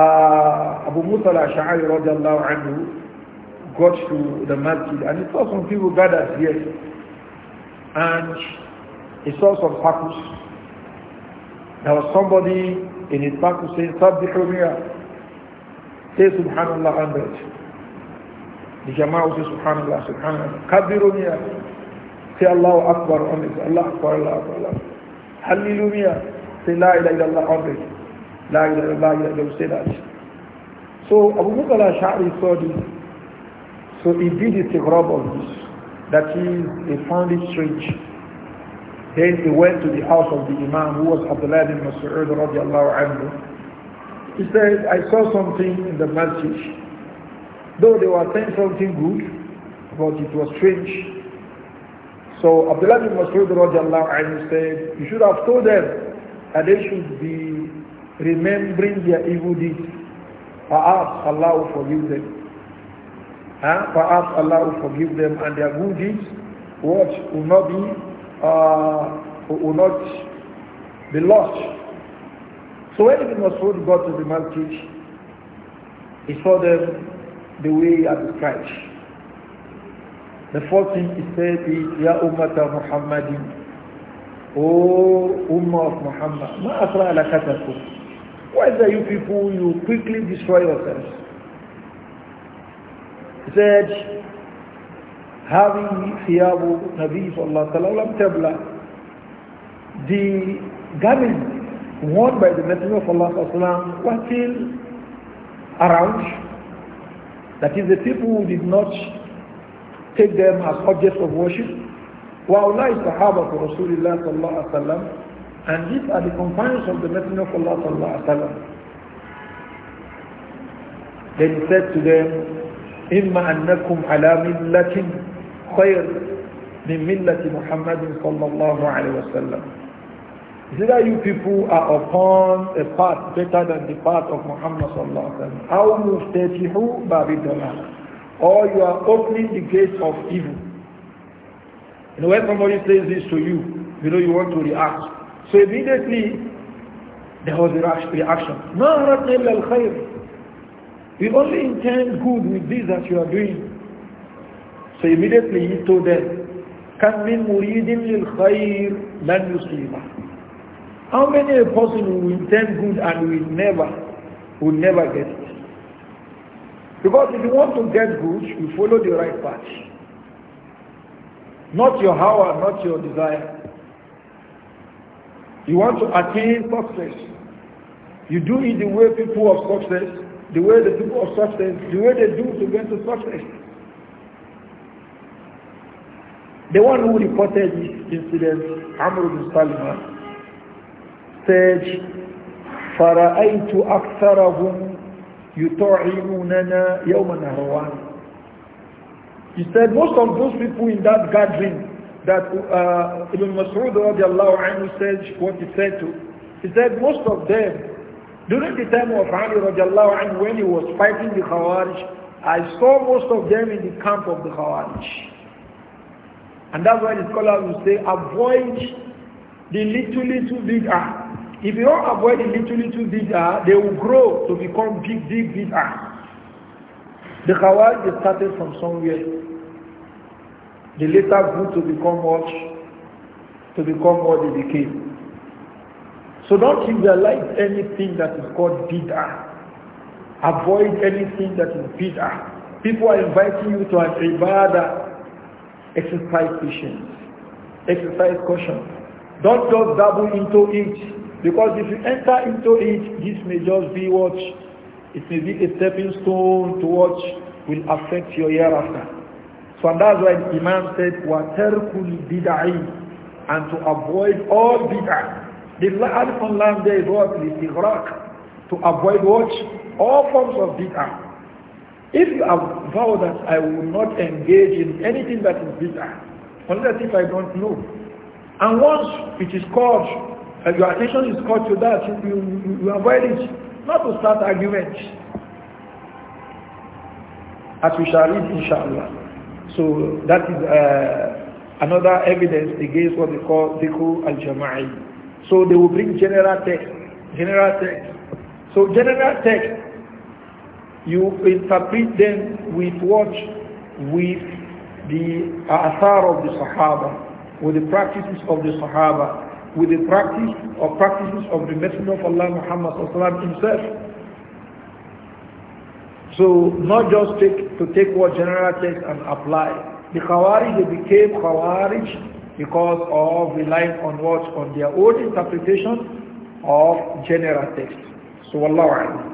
uh, Abu Musa al-Ash'ari radiallahu anhu got to the masjid and he saw some people gathered here and he saw some pakus. There was somebody in his pakus saying, Sabbihu miya, say subhanallah and The Jama'ah say subhanallah, subhanallah, kabiru miya, Say Allahu Akbar on it. Allah Akbar, Allah Akbar, Allah Akbar. Hallelujah. Say La ilaha illallah on it. La ilaha illallah, la ilaha Say that. So Abu Musa al-Ash'ari saw this. So he did the grab this. That is, he found it strange. Then he went to the house of the Imam who was Abdullah bin Mas'ud radiallahu anhu. He said, I saw something in the masjid. Though they were saying something good, but it was strange. So Abdullah bin Masud said, you should have told them that they should be remembering their evil deeds. Perhaps Allah will forgive them. Huh? Perhaps Allah will forgive them and their good deeds what will not be uh, will not be lost. So when Ibn Masud got to the market, he saw them the way he had described. The fourth thing he said is, Ya Ummata Muhammadin, O Ummah of Muhammad, Ma asra katafu Why is that you people, you quickly destroy yourselves? He said, having thiyabu Nabi sallallahu alaihi wasallam tabla, the garment worn by the Messenger of Allah sallallahu alaihi wasallam were still around. That is, the people who did not take them as objects of worship. Wa'ulai sahaba for Rasulullah sallallahu alayhi sallam. And these are the companions of the Messenger of Allah sallallahu alayhi sallam. Then he said to them, Imma annakum ala millatin khayr min Muhammadin sallallahu alayhi wasallam. sallam. He said, ah, you people are upon a path better than the path of Muhammad sallallahu alayhi wa sallam. Aw mustajihu babidallah or you are opening the gates of evil. And when somebody says this to you, you know you want to react. So immediately, there was a reaction. We only intend good with this that you are doing. So immediately he told them, كَمْ مِنْ مُرِيدٍ لِلْخَيْرِ لَنْ يُصِيبَهُ How many a person who intend good and will never, will never get it? Because if you want to get good, you follow the right path. Not your hour, not your desire. You want to attain success. You do it the way people of success, the way the people of success, the way they do to get to success. The one who reported this incident, Amr bin Salima, said, فَرَأَيْتُ أَكْثَرَهُمْ he said most of those people in that gathering that uh, Ibn Mas'ud radiallahu anhu said what he said to. He said most of them, during the time of Ali radiallahu anhu when he was fighting the Khawarij, I saw most of them in the camp of the Khawarij. And that's why the scholars will say avoid the little little bid'ah. If you don't avoid the little, little bid'ah, they will grow to become big, big bid'ah. The Khawarij started from somewhere. They later grew to become what? To become what they became. So don't trivialize anything that is called bid'ah. Avoid anything that is bid'ah. People are inviting you to an ibadah. Exercise patience. Exercise caution. Don't just double into it. Because if you enter into it, this may just be what? It may be a stepping stone to what will affect your hereafter. So and that's why the Imam said, وَتَرْكُ bida'i" and to avoid all bid'ah. The land and lam there is what is Listighraq. To avoid what? All forms of bid'ah. If you have vowed that I will not engage in anything that is bid'ah, unless if I don't know. And once it is called and uh, your attention is called to that, you, you, you avoid it. Not to start argument. As we shall read, inshallah. So that is uh, another evidence against what they call Dikul al-Jama'i. So they will bring general text. General text. So general text, you interpret them with what? With the Athar of the Sahaba, with the practices of the Sahaba with the practice or practices of the Messenger of Allah Muhammad himself. So not just take, to take what general text and apply. The Khawarij, they became Khawarij because of relying on what? On their own interpretation of general text. So Allah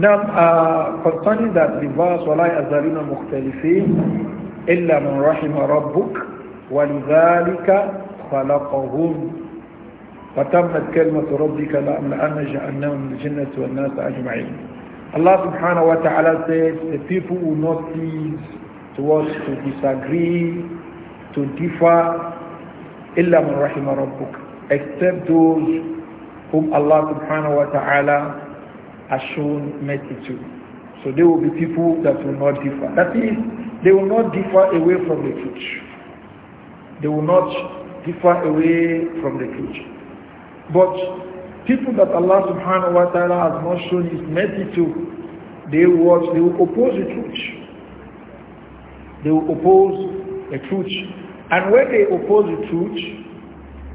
نعم قرطاني ذات بباس ولا يأذرين مختلفين إلا من رحم ربك ولذلك خلقهم فتمت كلمة ربك لأن جعلناهم من الجنة والناس أجمعين الله سبحانه وتعالى says the people who not please to us to disagree to differ Except those whom Allah subhanahu wa ta'ala has shown mercy to. So there will be people that will not differ. That is, they will not differ away from the truth. They will not differ away from the truth. But people that Allah subhanahu wa ta'ala has not shown his mercy to, they will, they will oppose the truth. They will oppose the truth and when they oppose the truth,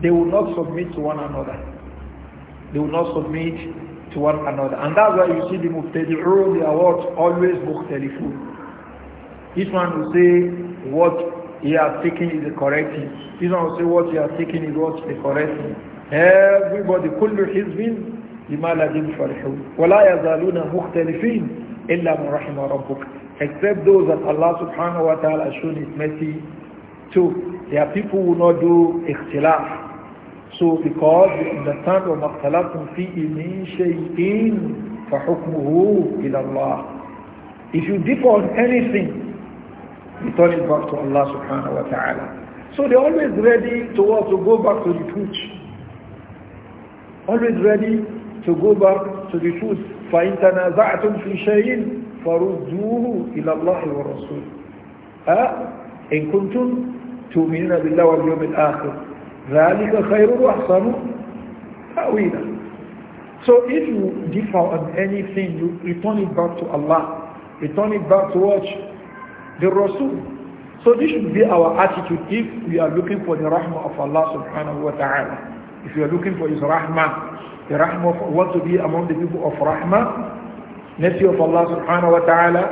they will not submit to one another. They will not submit to one another. And that's why you see the Muqtadi'un, they are Always Muqtadifun. Each one will say what he has taken is the correct thing. Each one will say what he has taken is what the correct thing. Everybody, kullu حزب بما لديهم فرحون ولا يزالون مختلفين إلا من رحم ربك except those that Allah subhanahu wa ta'ala has shown his mercy Two, their people will not do ikhtilaf. So because they understand وَمَا اخْتَلَفْتُمْ فِيهِ مِنْ شَيْءٍ فَحُكْمُهُ إِلَى اللَّهِ If you differ on anything, you turn it back to Allah subhanahu wa ta'ala. So they're always ready to, to go back to the truth. Always ready to go back to the truth. فَإِن تَنَازَعْتُمْ فِي شَيْءٍ فَرُدُّوهُ إِلَى اللَّهِ وَرَسُولِهِ إن كنتم تؤمنون بالله واليوم الآخر ذلك خير وأحسن تأويلا So if you differ on anything, you return it back to Allah. Return it back to what? The Rasul. So this should be our attitude if we are looking for the rahmah of Allah subhanahu wa ta'ala. If you are looking for His rahmah, the rahmah of to be among the people of rahmah, nephew of Allah subhanahu wa ta'ala.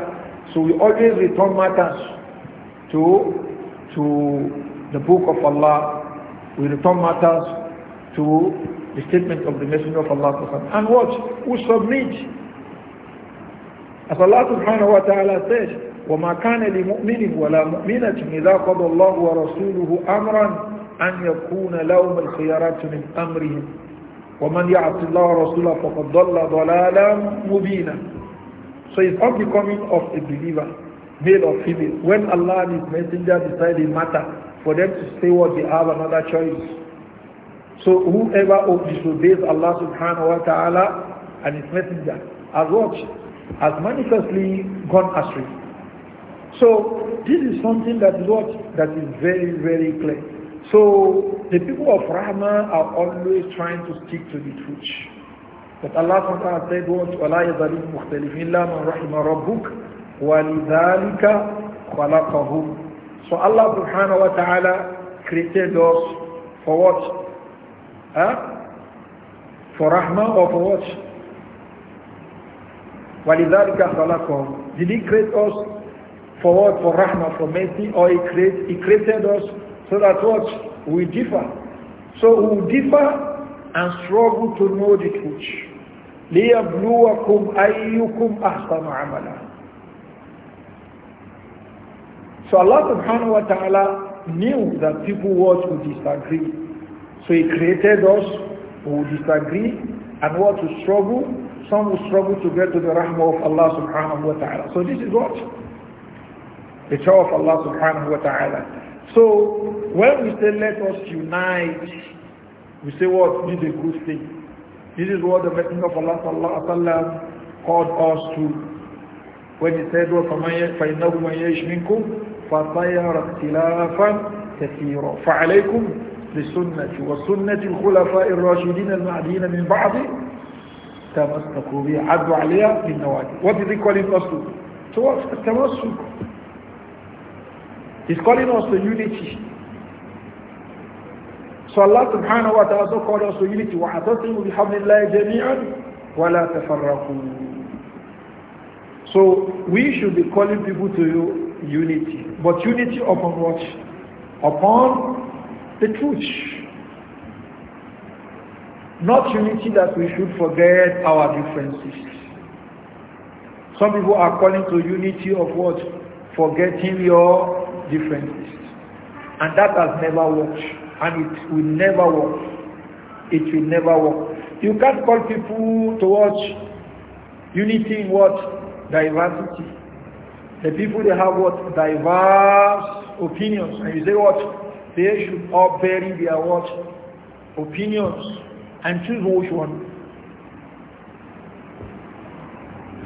So we always return matters to to the book of Allah, we return matters to the statement of the Messenger of Allah and what? We submit. As Allah subhanahu wa ta'ala says, وَمَا كَانَ لِمُؤْمِنٍ وَلَا مُؤْمِنَةٍ إِذَا قَضَى اللَّهُ وَرَسُولُهُ أَمْرًا أَنْ يَكُونَ لَهُمْ الْخِيَرَةُ مِنْ أَمْرِهِمْ وَمَنْ يَعْصِ اللَّهَ رَسُولَهُ فَقَدْ ضَلَّ ضَلَالًا مُبِينًا So it's not becoming of a believer male or female. When Allah and His Messenger decide a matter, for them to stay what they have another choice. So whoever disobeys Allah subhanahu wa ta'ala and His Messenger has watched Has manifestly gone astray. So this is something that is what? That is very, very clear. So the people of Rahman are always trying to stick to the truth. But Allah subhanahu wa ta'ala said what? وَلِذَٰلِكَ خَلَقَهُمْ So Allah subhanahu wa ta'ala created us for what? Huh? For rahmah or for what? وَلِذَٰلِكَ خَلَقَهُمْ Did He create us for what? For rahmah, for mercy, or He, create, he created us so that what? We differ. So we differ and struggle to know the truth. لِيَبْلُوَكُمْ أَيُّكُمْ أَحْسَنُ عَمَلًا so Allah subhanahu wa ta'ala knew that people what to disagree. So he created us who disagree and what to struggle. Some will struggle to get to the rahmah of Allah subhanahu wa ta'ala. So this is what? The joy of Allah subhanahu wa ta'ala. So when we say let us unite, we say what? This is a good thing. This is what the Messenger of Allah sallallahu alayhi wa called us to. When he said, well, فَإِنَّهُ مَنْ يَشْ مِنْكُمْ فطير اختلافا كثيرا فعليكم بسنة وسنة الخلفاء الراشدين المعدين من بعض تمسكوا بها عدوا عليها من What is he calling us to? التمسك He's calling us to unity So Allah subhanahu wa ta'ala call us to unity وَعَتَصِمُوا بِحَمْدِ اللَّهِ جَمِيعًا وَلَا تَفَرَّقُوا So we should be calling people to unity But unity upon what? Upon the truth. Not unity that we should forget our differences. Some people are calling to unity of what? Forgetting your differences. And that has never worked. And it will never work. It will never work. You can't call people to watch unity in what? Diversity. The people they have what? Diverse opinions. And you say what? They should all bury their what? Opinions. And choose which one.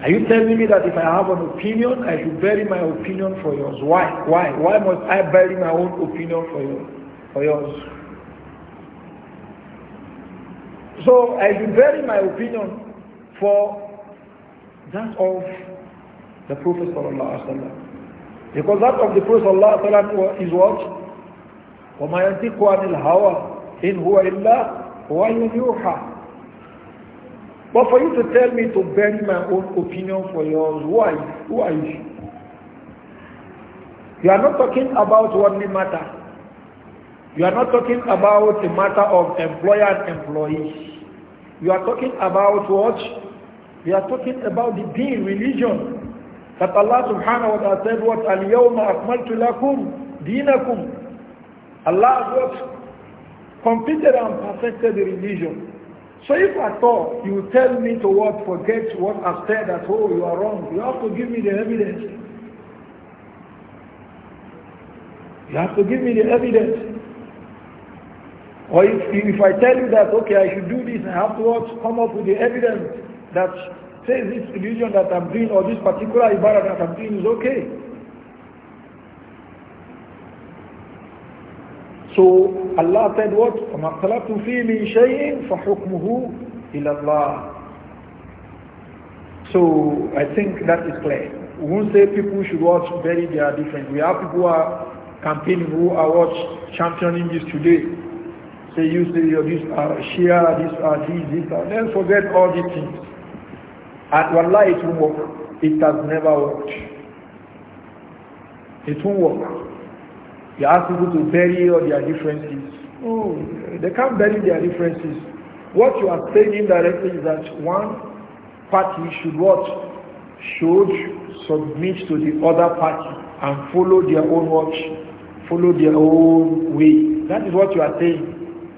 Are you telling me that if I have an opinion, I should bury my opinion for yours? Why? Why? Why must I bury my own opinion for yours? For yours? So I should bury my opinion for that of the Prophet ﷺ. Because that of the Prophet ﷺ is what? وَمَا يَنْتِقُ عَنِ الْهَوَىٰ إِنْ هُوَ إِلَّا وَيُنْ يُوحَىٰ But for you to tell me to bury my own opinion for yours, why? Why? You are not talking about worldly matter. You are not talking about the matter of employer and employee. You are talking about what? You are talking about the being religion. That Allah subhanahu wa ta'ala said, What al-yawma akmaltu lakum dinakum. Allah has completed and perfected the religion. So if at all you tell me to what, forget what i said that, oh, you are wrong, you have to give me the evidence. You have to give me the evidence. Or if, if I tell you that, okay, I should do this, I have to what, come up with the evidence that Say this religion that I'm doing or this particular ibadah that I'm doing is okay. So Allah said what? وَمَا اخْتَلَفْتُ فِي مِنْ شَيْءٍ فَحُكْمُهُ إِلَى اللَّهِ So I think that is clear. We won't say people should watch very they are different. We have people who are campaigning, who are watching championing this today. Say you say oh, these are Shia, these are these, this, are. Then forget all these things. And wallahi, it will work. It has never worked. It won't work. You ask people to bury all their differences. Oh, they can't bury their differences. What you are saying indirectly is that one party should what? Should submit to the other party and follow their own watch, follow their own way. That is what you are saying.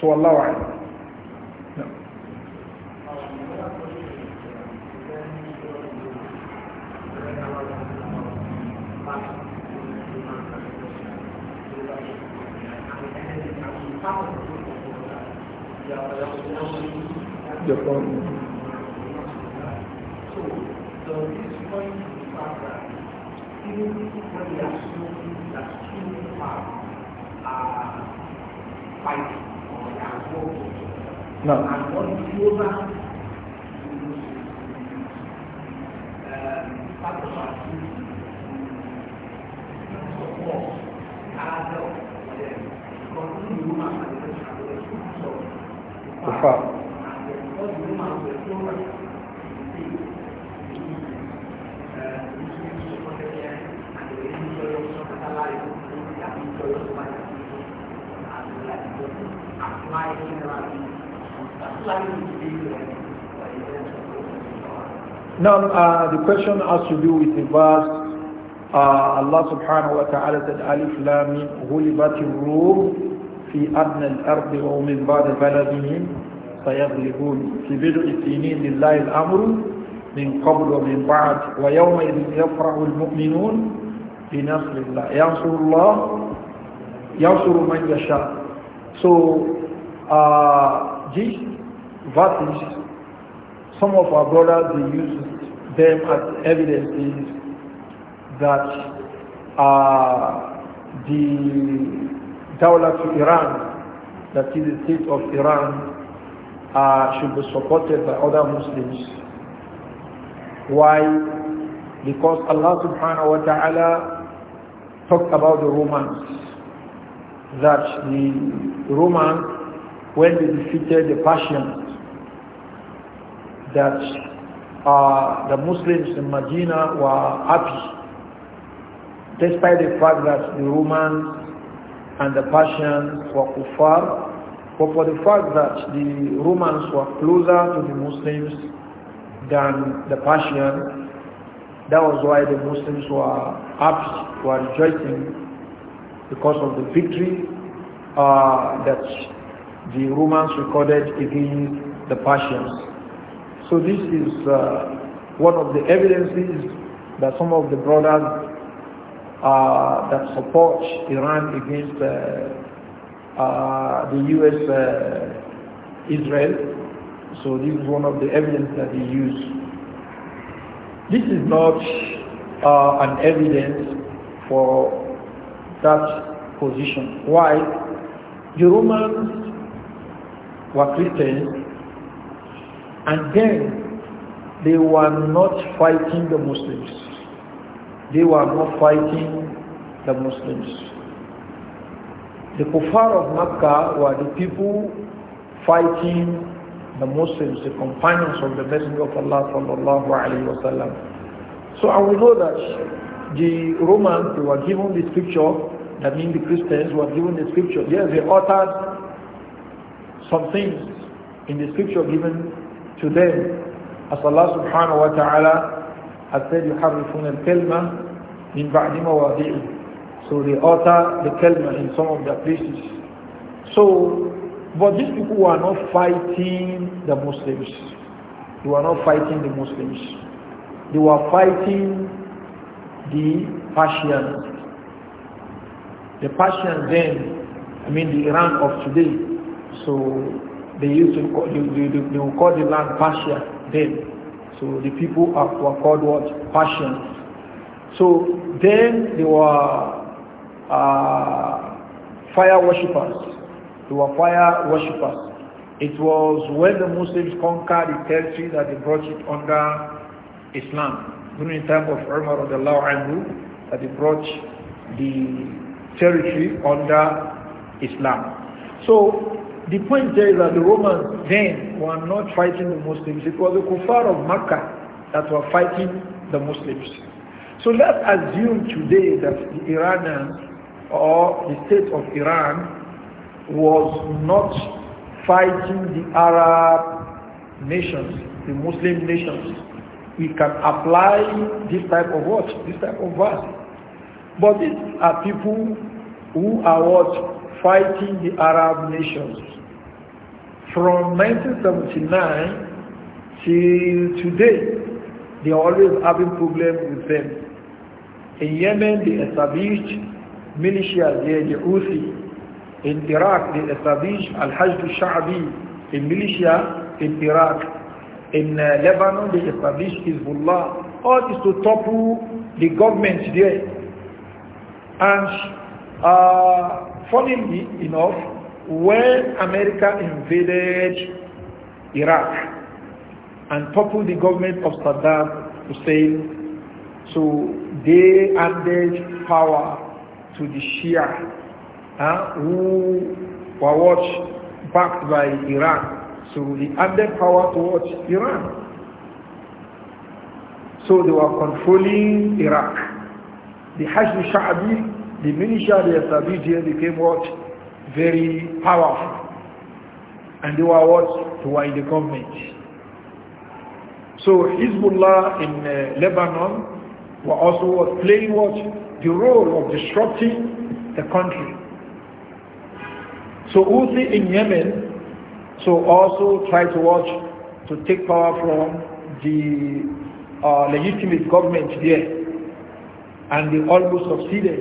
So Allah. the So, so this point is that assume that two parts are fighting no. and one of our duty to support character of them, because in the the fact Now, uh, the question has to do with the verse uh, Allah subhanahu wa ta'ala said, Alif Lamim, غُلِبَتِ الرُّومِ في أدنى الأرض وهم من بعد بلدهم سيغلبون في بضع سنين لله الأمر من قبل ومن بعد ويومئذ يفرح المؤمنون بنصر الله ينصر الله ينصر من يشاء so uh, these verses some of our brothers they use them as evidences that uh, the Dawla to Iran that is the state of Iran uh, should be supported by other Muslims. Why? Because Allah subhanahu wa ta'ala talked about the Romans. That the Romans, when they defeated the Persians, that uh, the Muslims in Medina were happy despite the fact that the Romans and the Persians were kuffar but for the fact that the Romans were closer to the Muslims than the Persians, that was why the Muslims were happy, were rejoicing because of the victory uh, that the Romans recorded against the Persians. So this is uh, one of the evidences that some of the brothers uh, that support Iran against uh, uh, the U.S. Uh, Israel. So this is one of the evidence that they use. This is not uh, an evidence for that position. Why? The Romans were Christians and then they were not fighting the Muslims. They were not fighting the Muslims. The kuffar of Makkah were the people fighting the Muslims, the companions of the Messenger of Allah sallallahu alayhi wa sallam. So I will know that the Romans they were given the scripture, that means the Christians were given the scripture. Yes, they uttered some things in the scripture given to them. As Allah subhanahu wa ta'ala has said, يحرفون kalma in بعد مواضعه so they utter the kalma in some of their places. So, but these people are not fighting the Muslims. They were not fighting the Muslims. They were fighting the Persians. The Persians then, I mean the Iran of today, so they used to call, they, they, they call the land Persia then. So the people are, were called what? Persians. So then they were uh, fire worshippers. They were fire worshippers. It was when the Muslims conquered the territory that they brought it under Islam. During the time of Umar anhu, that they brought the territory under Islam. So the point there is that the Romans then were not fighting the Muslims. It was the kuffar of Mecca that were fighting the Muslims. So let's assume today that the Iranians or the state of Iran was not fighting the Arab nations, the Muslim nations. We can apply this type of what? This type of verse. But these are people who are what? Fighting the Arab nations. From 1979 till today, they are always having problems with them. In Yemen, they established militia, the, the In Iraq, they establish Al-Hajj al-Sha'bi, in militia in Iraq. In uh, Lebanon, they established Hezbollah. All this to topple the government there. And uh, funnily enough, when America invaded Iraq and toppled the government of Saddam Hussein, so they handed power to the Shia uh, who were watched backed by Iran. So they added power towards Iran. So they were controlling Iraq. The Hajj Sha'abi, the militia they established here became what? Very powerful. And they were what? They were in the government. So Hezbollah in uh, Lebanon were also what, playing what? the role of disrupting the country. So Houthi in Yemen so also try to watch to take power from the uh, legitimate government there and they almost succeeded.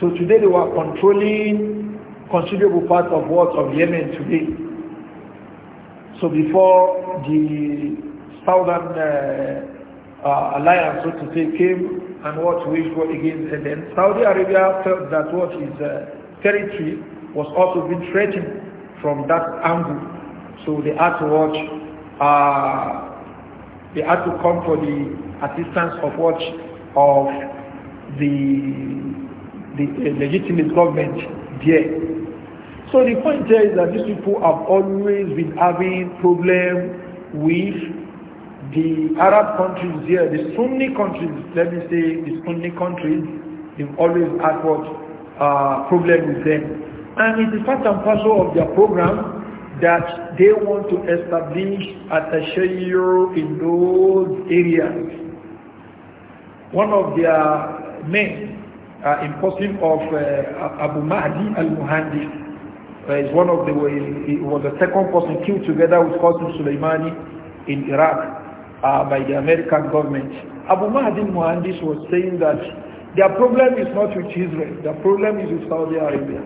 So today they were controlling considerable part of what of Yemen today. So before the Southern uh, uh, Alliance, so to say, came and what we go against and then Saudi Arabia felt that what is uh, territory was also being threatened from that angle. So they had to watch uh, they had to come for the assistance of what of the the uh, legitimate government there. So the point here is that these people have always been having problems with the Arab countries here, the Sunni countries, let me say the Sunni countries, they've always had what uh, problem with them. And it's part and parcel of their program that they want to establish attashayur in those areas. One of their men uh, in person of uh, Abu Mahdi al-Muhandis, uh, is one of the, he was the second person killed together with Qasim Soleimani in Iraq uh, by the American government. Abu Mahdi Muhandis was saying that their problem is not with Israel, their problem is with Saudi Arabia.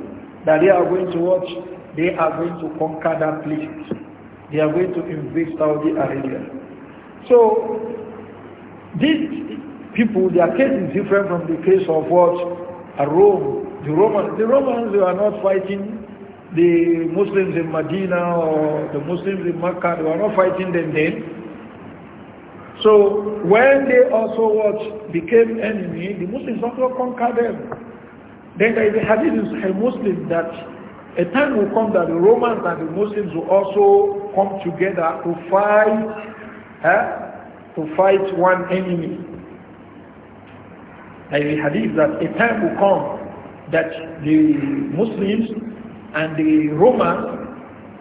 That they are going to watch, they are going to conquer that place. They are going to invade Saudi Arabia. So these people, their case is different from the case of what Rome, the Romans. The Romans they were not fighting the Muslims in Medina or the Muslims in Mecca. They were not fighting them then so when they also what became enemy, the Muslims also conquered them. Then there is a hadith in Sahih Muslim that a time will come that the Romans and the Muslims will also come together to fight, eh, to fight one enemy. There is a hadith that a time will come that the Muslims and the Romans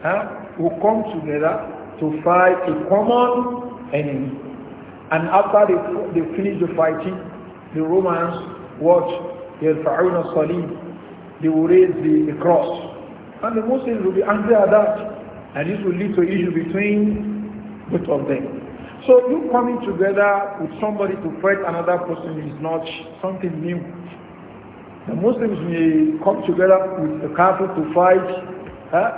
eh, will come together to fight a common enemy. And after they, they finish the fighting, the Romans watch يرفعون الصليب they will raise the, the cross. And the Muslims will be angry at that. And this will lead to issue between both of them. So you coming together with somebody to fight another person is not something new. The Muslims may come together with the Kafir to fight huh,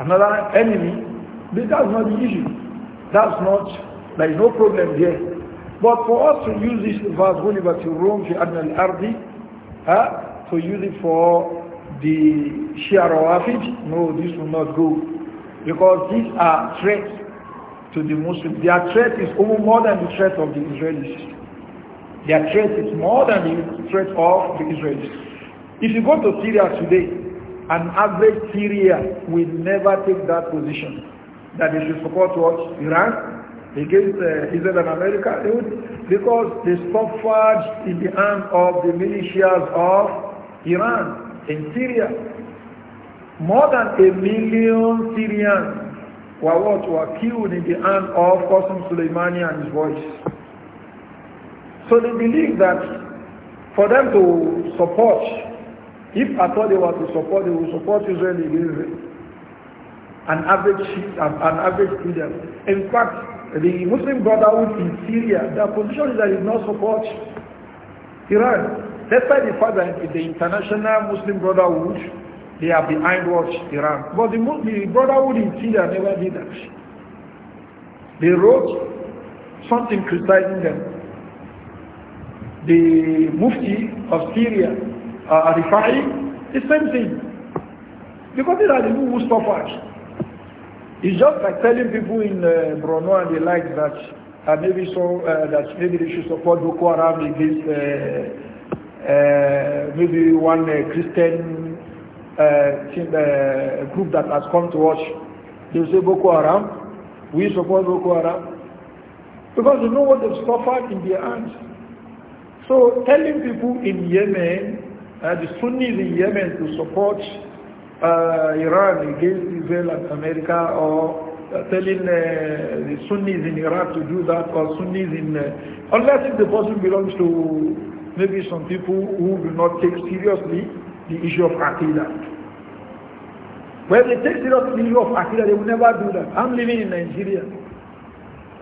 another enemy, but that's not the issue. That's not there is no problem there. But for us to use this verse, Rome, الرُّومِ فِي Ardi, الْأَرْضِ to use it for the Shia Afghans, no, this will not go. Because these are threats to the Muslims. Their threat is over more than the threat of the Israelis. Their threat is more than the threat of the Israelis. If you go to Syria today, an average Syria will never take that position that they should support what? Iran against uh, Israel and America, because they suffered in the hands of the militias of Iran in Syria. More than a million Syrians were what were killed in the hands of Qasem Soleimani and his voice. So they believe that for them to support, if at all they were to support, they will support Israel against an average an average student. In fact, the Muslim Brotherhood in Syria, their position is that it not support Iran. Despite the fact that the international Muslim Brotherhood, they are behind what Iran. But the, the Brotherhood in Syria never did that. They wrote something criticizing them. The Mufti of Syria, uh, Arifai, the same thing. Because they are the people who it's just like telling people in uh, Brno and the like that uh, maybe so uh, that maybe they should support Boko Haram against uh, uh maybe one uh, Christian uh, team, group that has come to watch. They say Boko Haram, we support Boko Haram because you know what they've suffered in their hands. So telling people in Yemen, the Sunnis in Yemen to support uh, Iran against Israel and America or telling uh, the Sunnis in Iraq to do that or Sunnis in... Uh, unless if the person belongs to maybe some people who do not take seriously the issue of Aqidah. When they take seriously the issue of Aqidah, they will never do that. I'm living in Nigeria.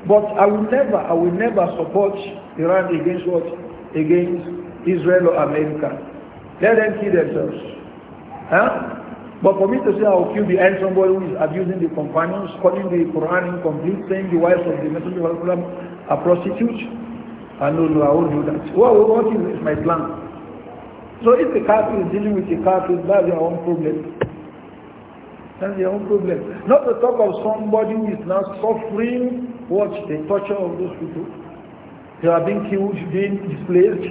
But I will never, I will never support Iran against what? Against Israel or America. Let them kill themselves. Huh? But for me to say I will kill the end somebody who is abusing the companions, calling the Quran incomplete, saying the wives of the Messenger of Allah are prostitutes, I know, no, I won't do that. What, what is, is my plan? So if the kafir is dealing with the kafir, that's their own problem. That's their own problem. Not to talk of somebody who is now suffering, watch the torture of those people. They are being killed, being displaced.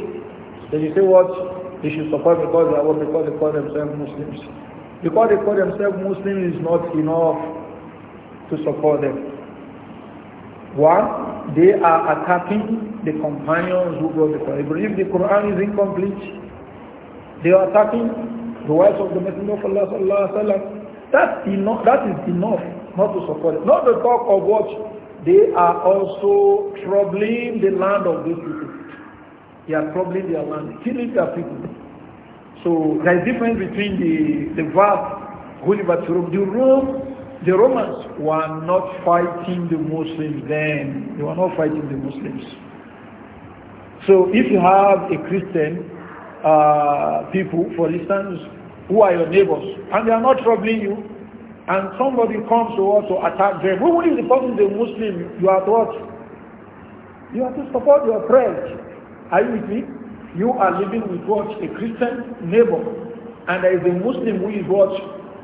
Then you say what? They should support because they are what they call themselves Muslims. Because they call themselves Muslim is not enough to support them. One, they are attacking the companions who brought the Quran. If the Quran is incomplete. They are attacking the wives of the Messenger of Allah sallallahu alaihi wasallam. That's enough. That is enough not to support it. Not the talk of what they are also troubling the land of these people. They are troubling their land, killing their people. So there is difference between the, the verb Gulliver's Rome. The Rome, the Romans were not fighting the Muslims then. They were not fighting the Muslims. So if you have a Christian uh, people, for instance, who are your neighbors, and they are not troubling you, and somebody comes to us to attack them, who is the person the Muslim? You are what? You have to support your friends. Are you with me? you are living with what? A Christian neighbor. And there is a Muslim who is what?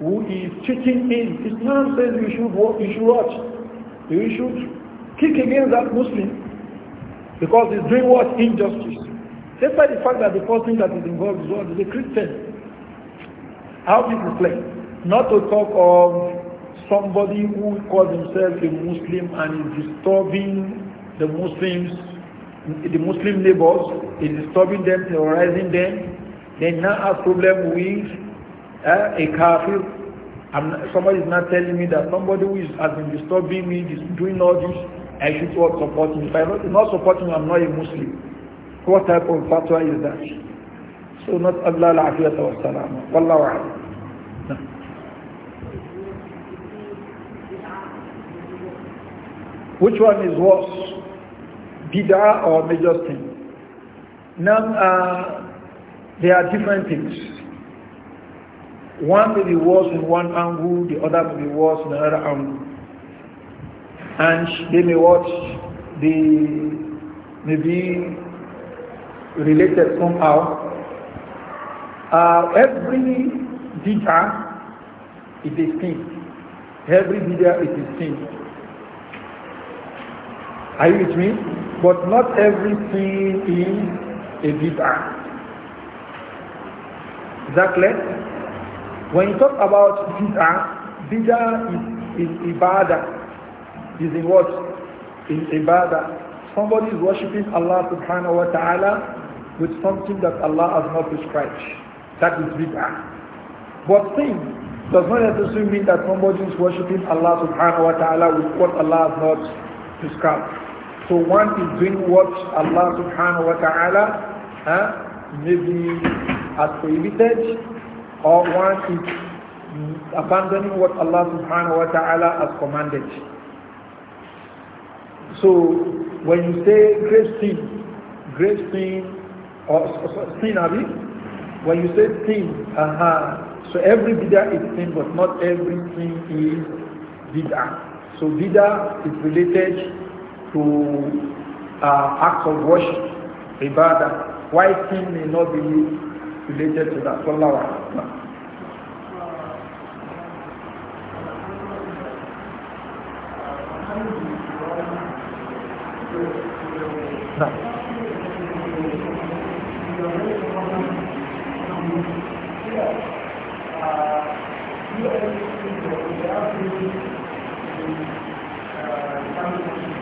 Who is cheating in. Islam says you should what? You should what? You should kick against that Muslim because he's doing what? Injustice. Just by the fact that the person that is involved is what? Is a Christian. How do you played? Not to talk of somebody who calls himself a Muslim and is disturbing the Muslims the Muslim neighbors, is disturbing them, terrorizing them, they now have problem with uh, a kafir. I'm, somebody is not telling me that somebody who is, has been disturbing me is doing all this. I should not support him. If I'm not supporting him, I'm not a Muslim. What type of fatwa is that? So not Allah al-afiyata wa salama. Wallahu a'lam. Which one is worse? bid'ah or major thing. Now, uh, there are different things. One may be worse in one angle, the other may be worse in another angle. And they may watch, the maybe related somehow. Uh, every bid'ah is a Every video, is a Are you with me? But not everything is a bid'ah. Is that clear? When you talk about bid'ah, bid'ah is, is ibadah. Is in what? Is ibadah. Somebody is worshipping Allah subhanahu wa ta'ala with something that Allah has not prescribed. That is bid'ah. But things does not necessarily mean that somebody is worshipping Allah subhanahu wa ta'ala with what Allah has not prescribed. So one is doing what Allah subhanahu wa ta'ala huh, maybe has prohibited, or one is abandoning what Allah subhanahu wa ta'ala has commanded. So when you say grave sin, grave sin, or sin, Abi, when you say sin, uh -huh, so every bid'ah is sin, but not everything is bid'ah. So bid'ah is related to uh, acts of worship, ibadah, why sin may not be related to that. Sallallahu alaihi Thank you.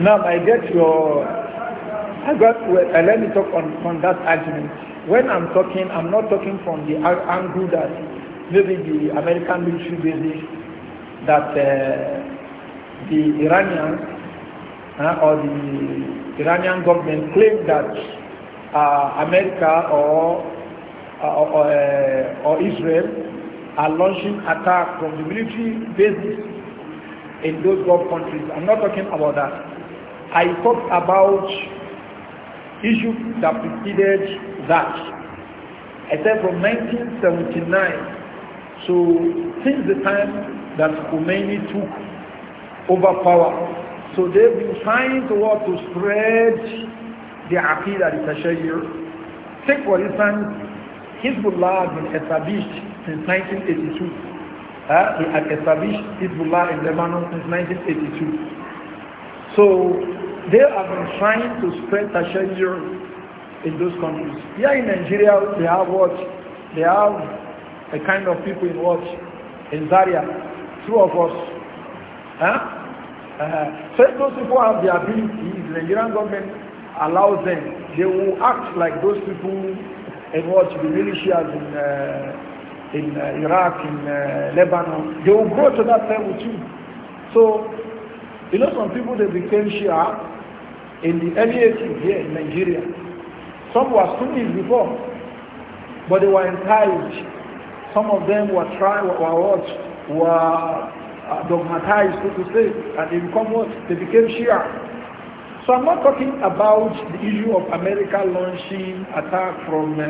Now I get your, I got, well, uh, let me talk on, on that argument. When I'm talking, I'm not talking from the angle that maybe the American military base that uh, the Iranian uh, or the Iranian government claim that uh, America or, uh, or, uh, or Israel are launching attacks from the military bases in those Gulf countries. I'm not talking about that. I talked about issues that preceded that. I said from 1979, so since the time that Khomeini took overpower. So they've been trying to what to spread the Aqidah, the Tashayir. Take for instance, Hezbollah has been established since 1982. Uh, it had established Hezbollah in Lebanon since 1982. So they have been trying to spread Tashayir in those countries. Here in Nigeria, they have what? They have a kind of people in what? In Zaria. Two of us Huh? Uh, uh-huh. so those people have the ability, the Nigerian government allows them, they will act like those people in what the militias in, uh, in uh, Iraq, in uh, Lebanon, they will go to that level too. So, you know some people that became Shia in the early 80s here in Nigeria. Some were Sunnis before, but they were enticed. Some of them were trying, were, what? were uh, dogmatized, so to say, and they become what? They became Shia. So I'm not talking about the issue of America launching attack from uh,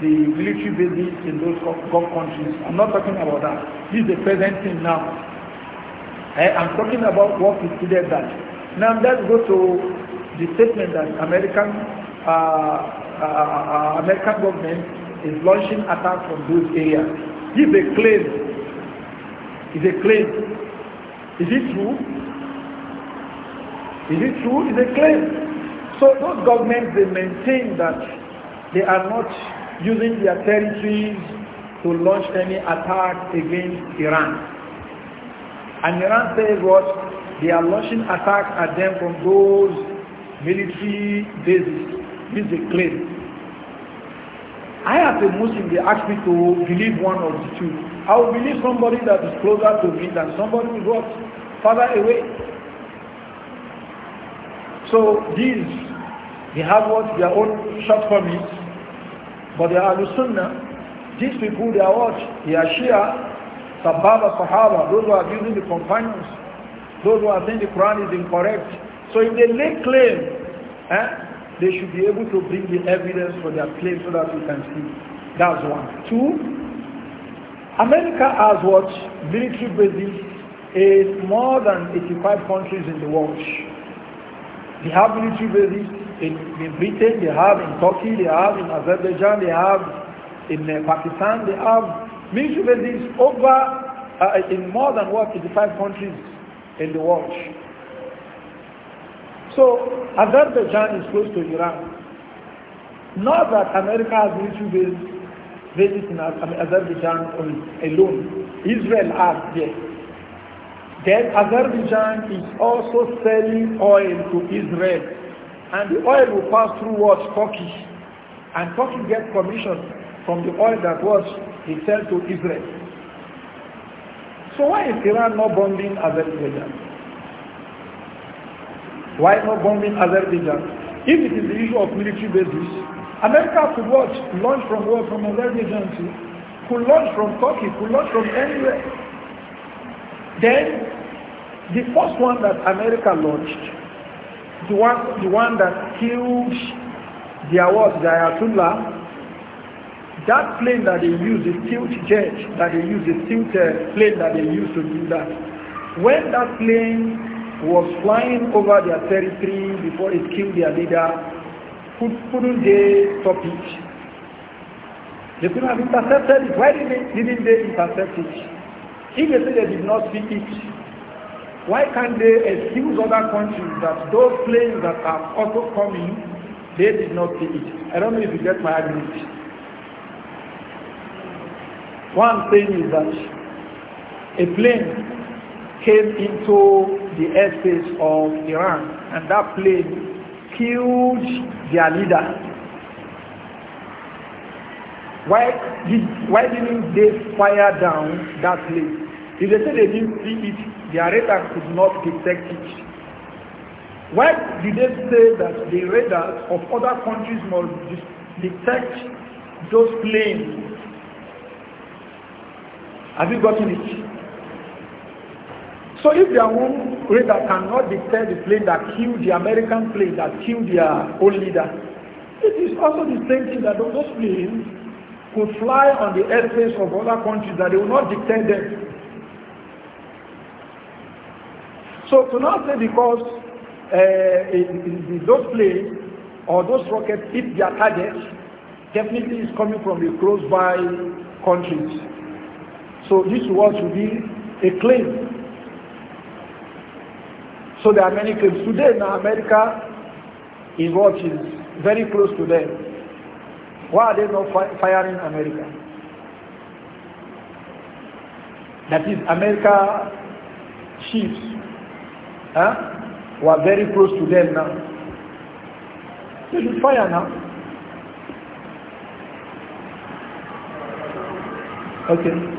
the military bases in those Gulf countries. I'm not talking about that. This is the present thing now. Eh, I, am talking about what is today that. Now let's go to the statement that American uh, uh, uh, American government is launching attack from those areas. Give a claim is a claim. Is it true? Is it true? Is a claim. So those governments, they maintain that they are not using their territories to launch any attack against Iran. And Iran says what? They are launching attacks at them from those military bases. This is a claim. I as a Muslim, they ask me to believe one of the two. I will believe somebody that is closer to me than somebody who is what? farther away. So these, they have what? Their own shortcomings. But they are the sunnah These people, they are what? They are Shia, Sababa, Sahaba, those who are abusing the companions, those who are saying the Quran is incorrect. So if they lay claim, eh, they should be able to bring the evidence for their claim so that we can see. That's one. Two, America has what military bases in more than 85 countries in the world. They have military bases in, in Britain, they have in Turkey, they have in Azerbaijan, they have in uh, Pakistan, they have military bases over uh, in more than what 85 countries in the world. So Azerbaijan is close to Iran. Not that America has military bases places in Azerbaijan alone. Israel has, yes. Then Azerbaijan is also selling oil to Israel. And the oil will pass through what? Turkey. And Turkey gets commission from the oil that was he sent to Israel. So why is Iran not bombing Azerbaijan? Why not bombing Azerbaijan? If it is the issue of military bases, America could watch, launch from where? From another agency. Could launch from Turkey, could launch from anywhere. Then, the first one that America launched, the one, the one that killed the award, the Ayatollah, that plane that they used, the tilt jet that they used, the tilt uh, plane that they used to do that, when that plane was flying over their territory before it killed their leader, couldn't they stop it? They could have intercepted it. Why did they, didn't they intercept it? If they say they did not see it, why can't they excuse other countries that those planes that are also coming, they did not see it? I don't know if you get my argument. One thing is that a plane came into the airspace of Iran and that plane killed their leader. Why, did, why didn't they fire down that place? If they say they didn't see it, their radar could not detect it. Why did they say that the radars of other countries must detect those planes? Have you gotten it? So if their own radar cannot detect the plane that killed the American plane that killed their own leader, it is also the same thing that those planes could fly on the airspace of other countries that they will not detect them. So to not say because uh, in, in, those planes or those rockets hit their target, definitely is coming from the close by countries. So this was to be a claim so there are many Today now America is what is very close to them. Why are they not fi firing America? That is America chiefs huh, were very close to them now. They should fire now. Okay.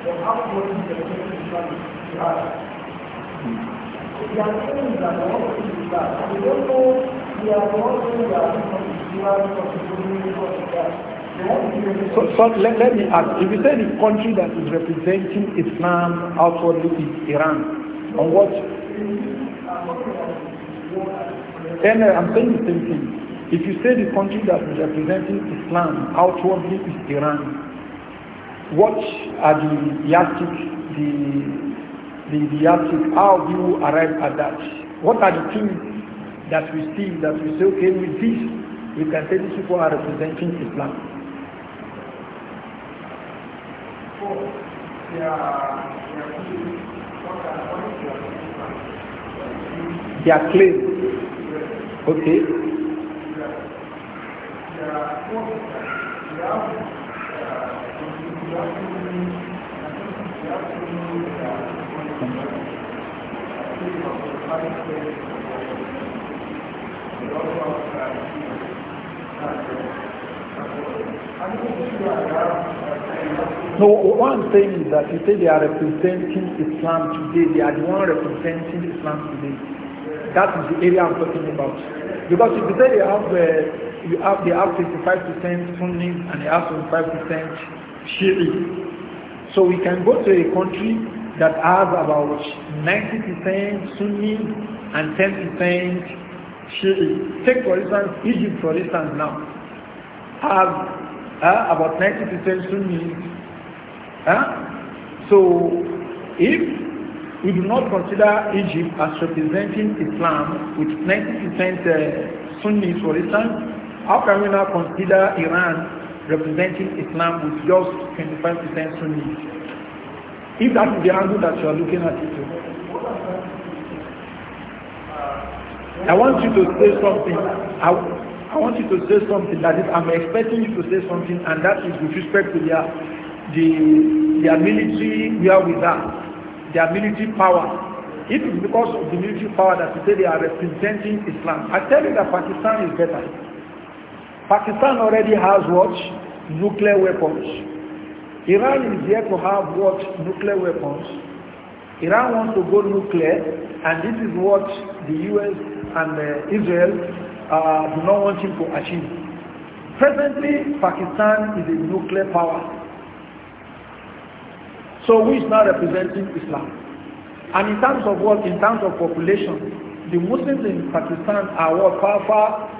So, so let, let me ask, if you say the country that is representing Islam outwardly is Iran, on what? Then uh, I'm saying the same thing. If you say the country that is representing Islam outwardly is Iran, what are the yardstick, the, the, the yardstick, how do you arrive at that? What are the things that we see that we say, okay, with this, we can say these people are representing They are claim. Okay. So what thing saying is that you say they are representing Islam today, they are the one representing Islam today. That is the area I'm talking about. Because if you say they have, uh, you have, they have 55% Sunnis and they have 25% Shi'i. So we can go to a country that has about 90% Sunni and 10% Shi'i. Take for instance Egypt for instance now has uh, about 90% Sunni. Huh? Eh? So if we do not consider Egypt as representing Islam with 90% uh, eh, Sunnis, for instance. How can we now consider Iran representing Islam with just 25% Sunni. If that is the angle that you are looking at it to. I want you to say something. I, I want you to say something that is, I'm expecting you to say something, and that is with respect to their, the, their military that, their military power. It is because of the military power that you say they are representing Islam. I tell you that Pakistan is better. Pakistan already has what? Nuclear weapons. Iran is here to have what? Nuclear weapons. Iran wants to go nuclear and this is what the US and uh, Israel uh, do not want him to achieve. Presently, Pakistan is a nuclear power. So who is now representing Islam? And in terms of what? In terms of population, the Muslims in Pakistan are what? Far, far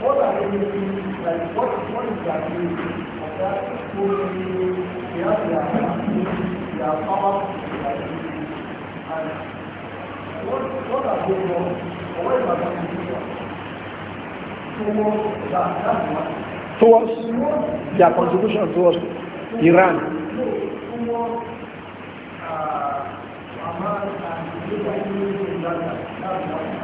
What are they doing? Like, what, what is their view? Of who they have their family, their power, their And what, what are they doing? Or what is Towards that, that's what. Towards their contribution towards Iran. Towards uh, Hamas and Israel, that's what.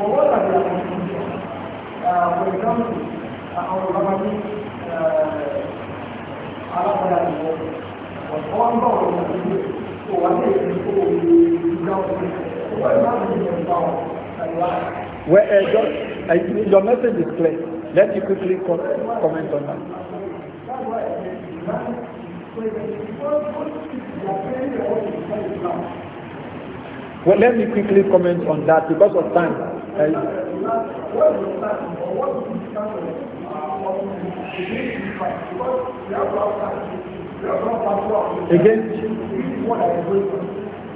But what are for example, our uh, was So what is it before we what is happening in the well, uh, your, uh, your message is clear. Let me quickly co comment on that. Well, let me quickly comment on that because of time. Against?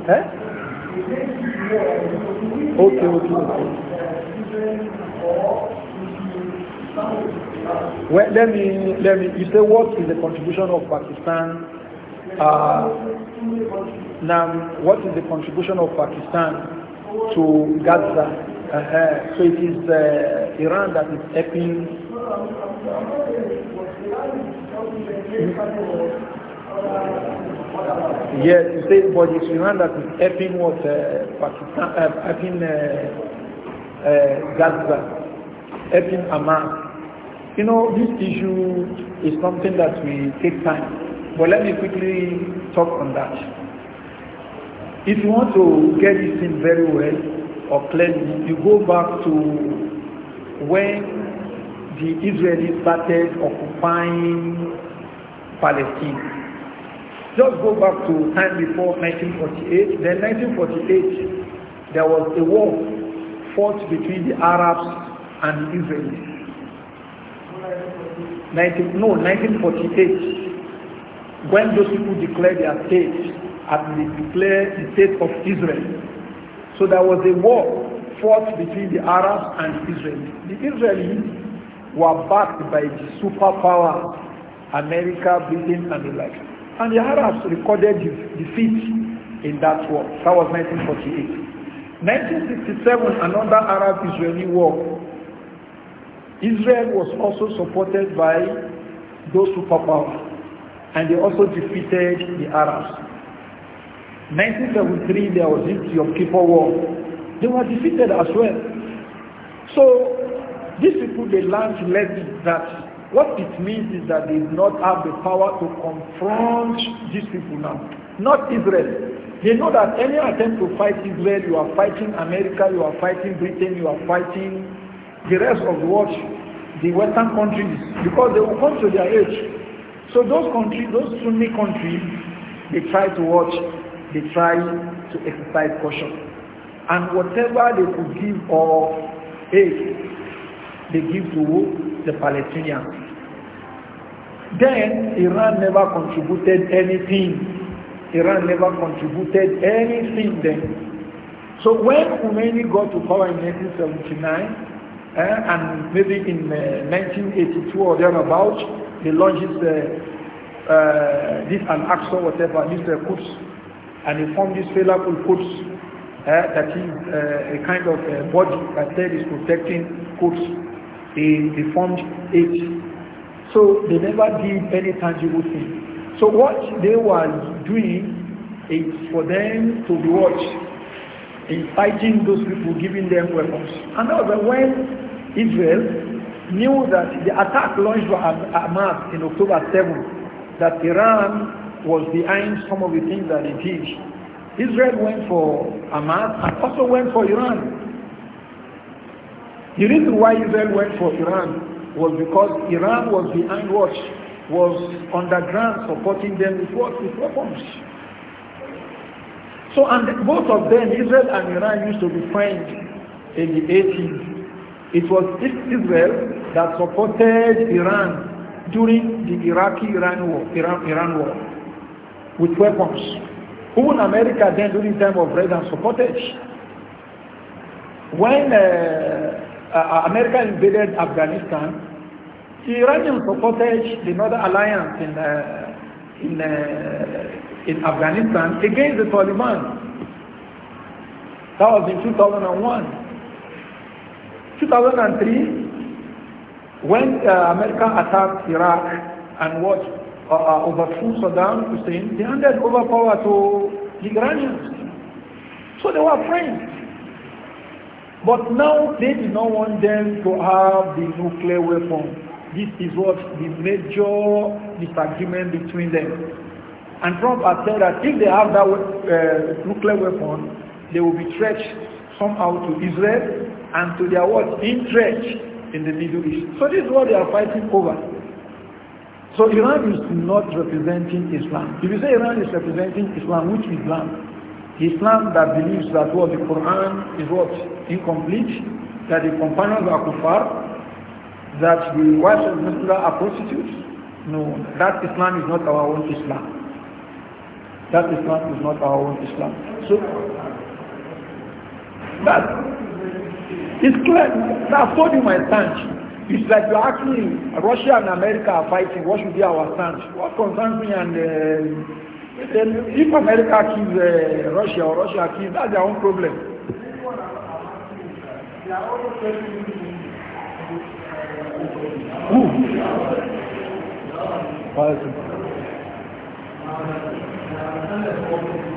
Eh? Okay, okay, okay. Well, let me, let me, you say what is the contribution of Pakistan? Uh, now, what is the contribution of Pakistan to Gaza uh, uh, so it is uh, Iran that is helping. Yes, you say, but it's Iran that is helping what uh, Pakistan, uh, helping Gaza, helping Hamas. You know, this issue is something that will take time. But let me quickly talk on that. If you want to get this thing very well, or you go back to when the Israelis started occupying Palestine. Just go back to time before 1948. Then 1948, there was a war fought between the Arabs and the Israelis. 19, no, 1948, when those people declared their state and they declared the state of Israel, so there was a war fought between the Arabs and Israel. The Israelis were backed by the superpower America, Britain, and the like. And the Arabs recorded defeat in that war. That was 1948. 1967, another Arab-Israeli war. Israel was also supported by those superpowers, and they also defeated the Arabs. 1973 there was history of Kippur War. They were defeated as well. So these people they learned lessons that what it means is that they do not have the power to confront these people now. Not Israel. They know that any attempt to fight Israel, you are fighting America, you are fighting Britain, you are fighting the rest of the world, the Western countries, because they will come to their age. So those countries, those Sunni countries, they try to watch they try to exercise caution. And whatever they could give of aid, they give to the Palestinians. Then Iran never contributed anything. Iran never contributed anything then. So when Khomeini got to power in 1979, eh, and maybe in uh, eh, 1982 or thereabouts, they launched eh, this, uh, this al or whatever, this uh, and he formed this falakul quds uh, that is uh, a kind of uh, body that said is protecting quds he, he formed it so they never did any tangible thing so what they were doing is for them to be watched fighting those people giving them weapons and also when israel knew that the attack launched by hamas in october 7 that iran was behind some of the things that he did. Israel went for Hamas and also went for Iran. The reason why Israel went for Iran was because Iran was behind what was underground supporting them with what with weapons. So and both of them, Israel and Iran, used to be friends in the 80s. It was Israel that supported Iran during the Iraqi-Iran war, Iran, Iran war with weapons. who in America then during time of Reagan supported. When uh, uh, uh, America invaded Afghanistan, the Iranians supported the Northern Alliance in, uh, in, uh, in Afghanistan against the Taliban. That was in 2001. 2003, when uh, America attacked Iraq and what uh, overthrew Saddam Hussein, they handed over power to the Iranians. So they were friends. But now they did not want them to have the nuclear weapon. This is what the major disagreement between them. And Trump has said that if they have that uh, nuclear weapon, they will be stretched somehow to Israel and to their what? interest in the Middle East. So this is what they are fighting over. So Iran is not representing Islam. If you say Iran is representing Islam, which Islam? Islam that believes that what the Quran is what? Incomplete, that the companions are kuffar, that the wives of Muslims are prostitutes. No, that Islam is not our own Islam. That Islam is not our own Islam. So that is clear. that's what you my stance. It's like you're asking Russia and America are fighting, what should be our stance? What concerns me and uh, then if America kills uh, Russia or Russia kills, that's their own problem.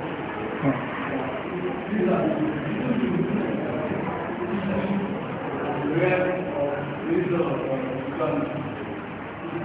Who?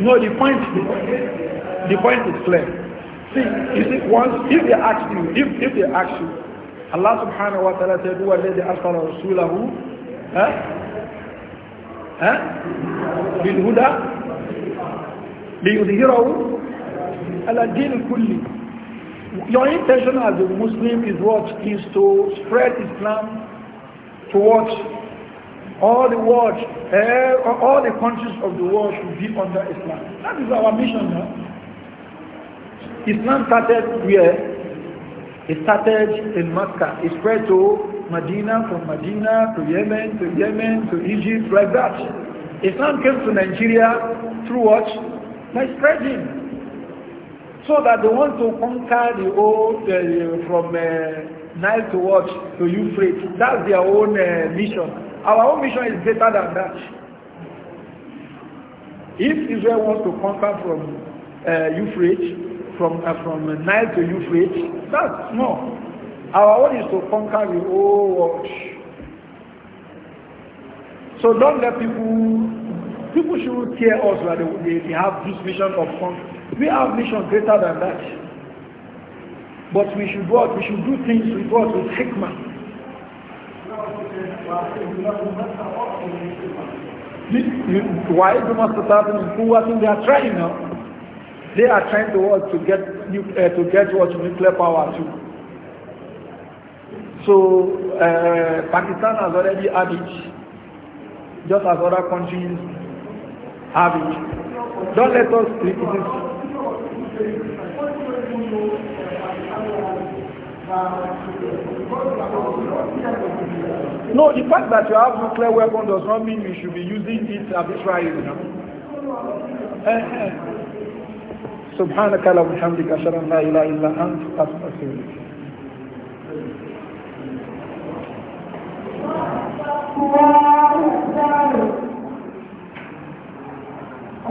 No, the point, the point is clear. See, you see, once, if they ask you, if, if they ask you, Allah subhanahu wa ta'ala said, who are they asfara rasulahu? Huh? Eh? Huh? Eh? bin huda? Liyudhirahu? Ala din kulli. Your intention as a Muslim is what? Is to spread Islam towards all the world, eh, all the countries of the world should be under Islam. That is our mission now. Islam started where? It started in Mecca. It spread to Medina, from Medina to Yemen, to Yemen, to Egypt, like that. Islam came to Nigeria through what? By spreading. So that they want to conquer the whole uh, from uh, Nile to Watch To Euphrates. That's their own uh, mission. Our own mission is greater than that. If Israel wants to conquer from uh, Euphrates, from, uh, from Nile to Euphrates, that's no. Our own is to conquer the whole world. So don't let people people should tear us that like they, they, have this mission of conquer. We have mission greater than that. But we should what? We should do things with what? With hikmah. Why do Mastatatan and Kuwatin? They are trying now. They are trying to work uh, to get new, uh, to get what nuclear power too. So uh, Pakistan has already had it, just as other countries have it. Don't let us repeat this. No, the fact that you have nuclear weapon does not mean you should be using it arbitrarily. سبحانك اللهم وبحمدك اشهد ان لا اله الا انت استغفرك الله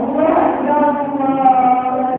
اكبر الله اكبر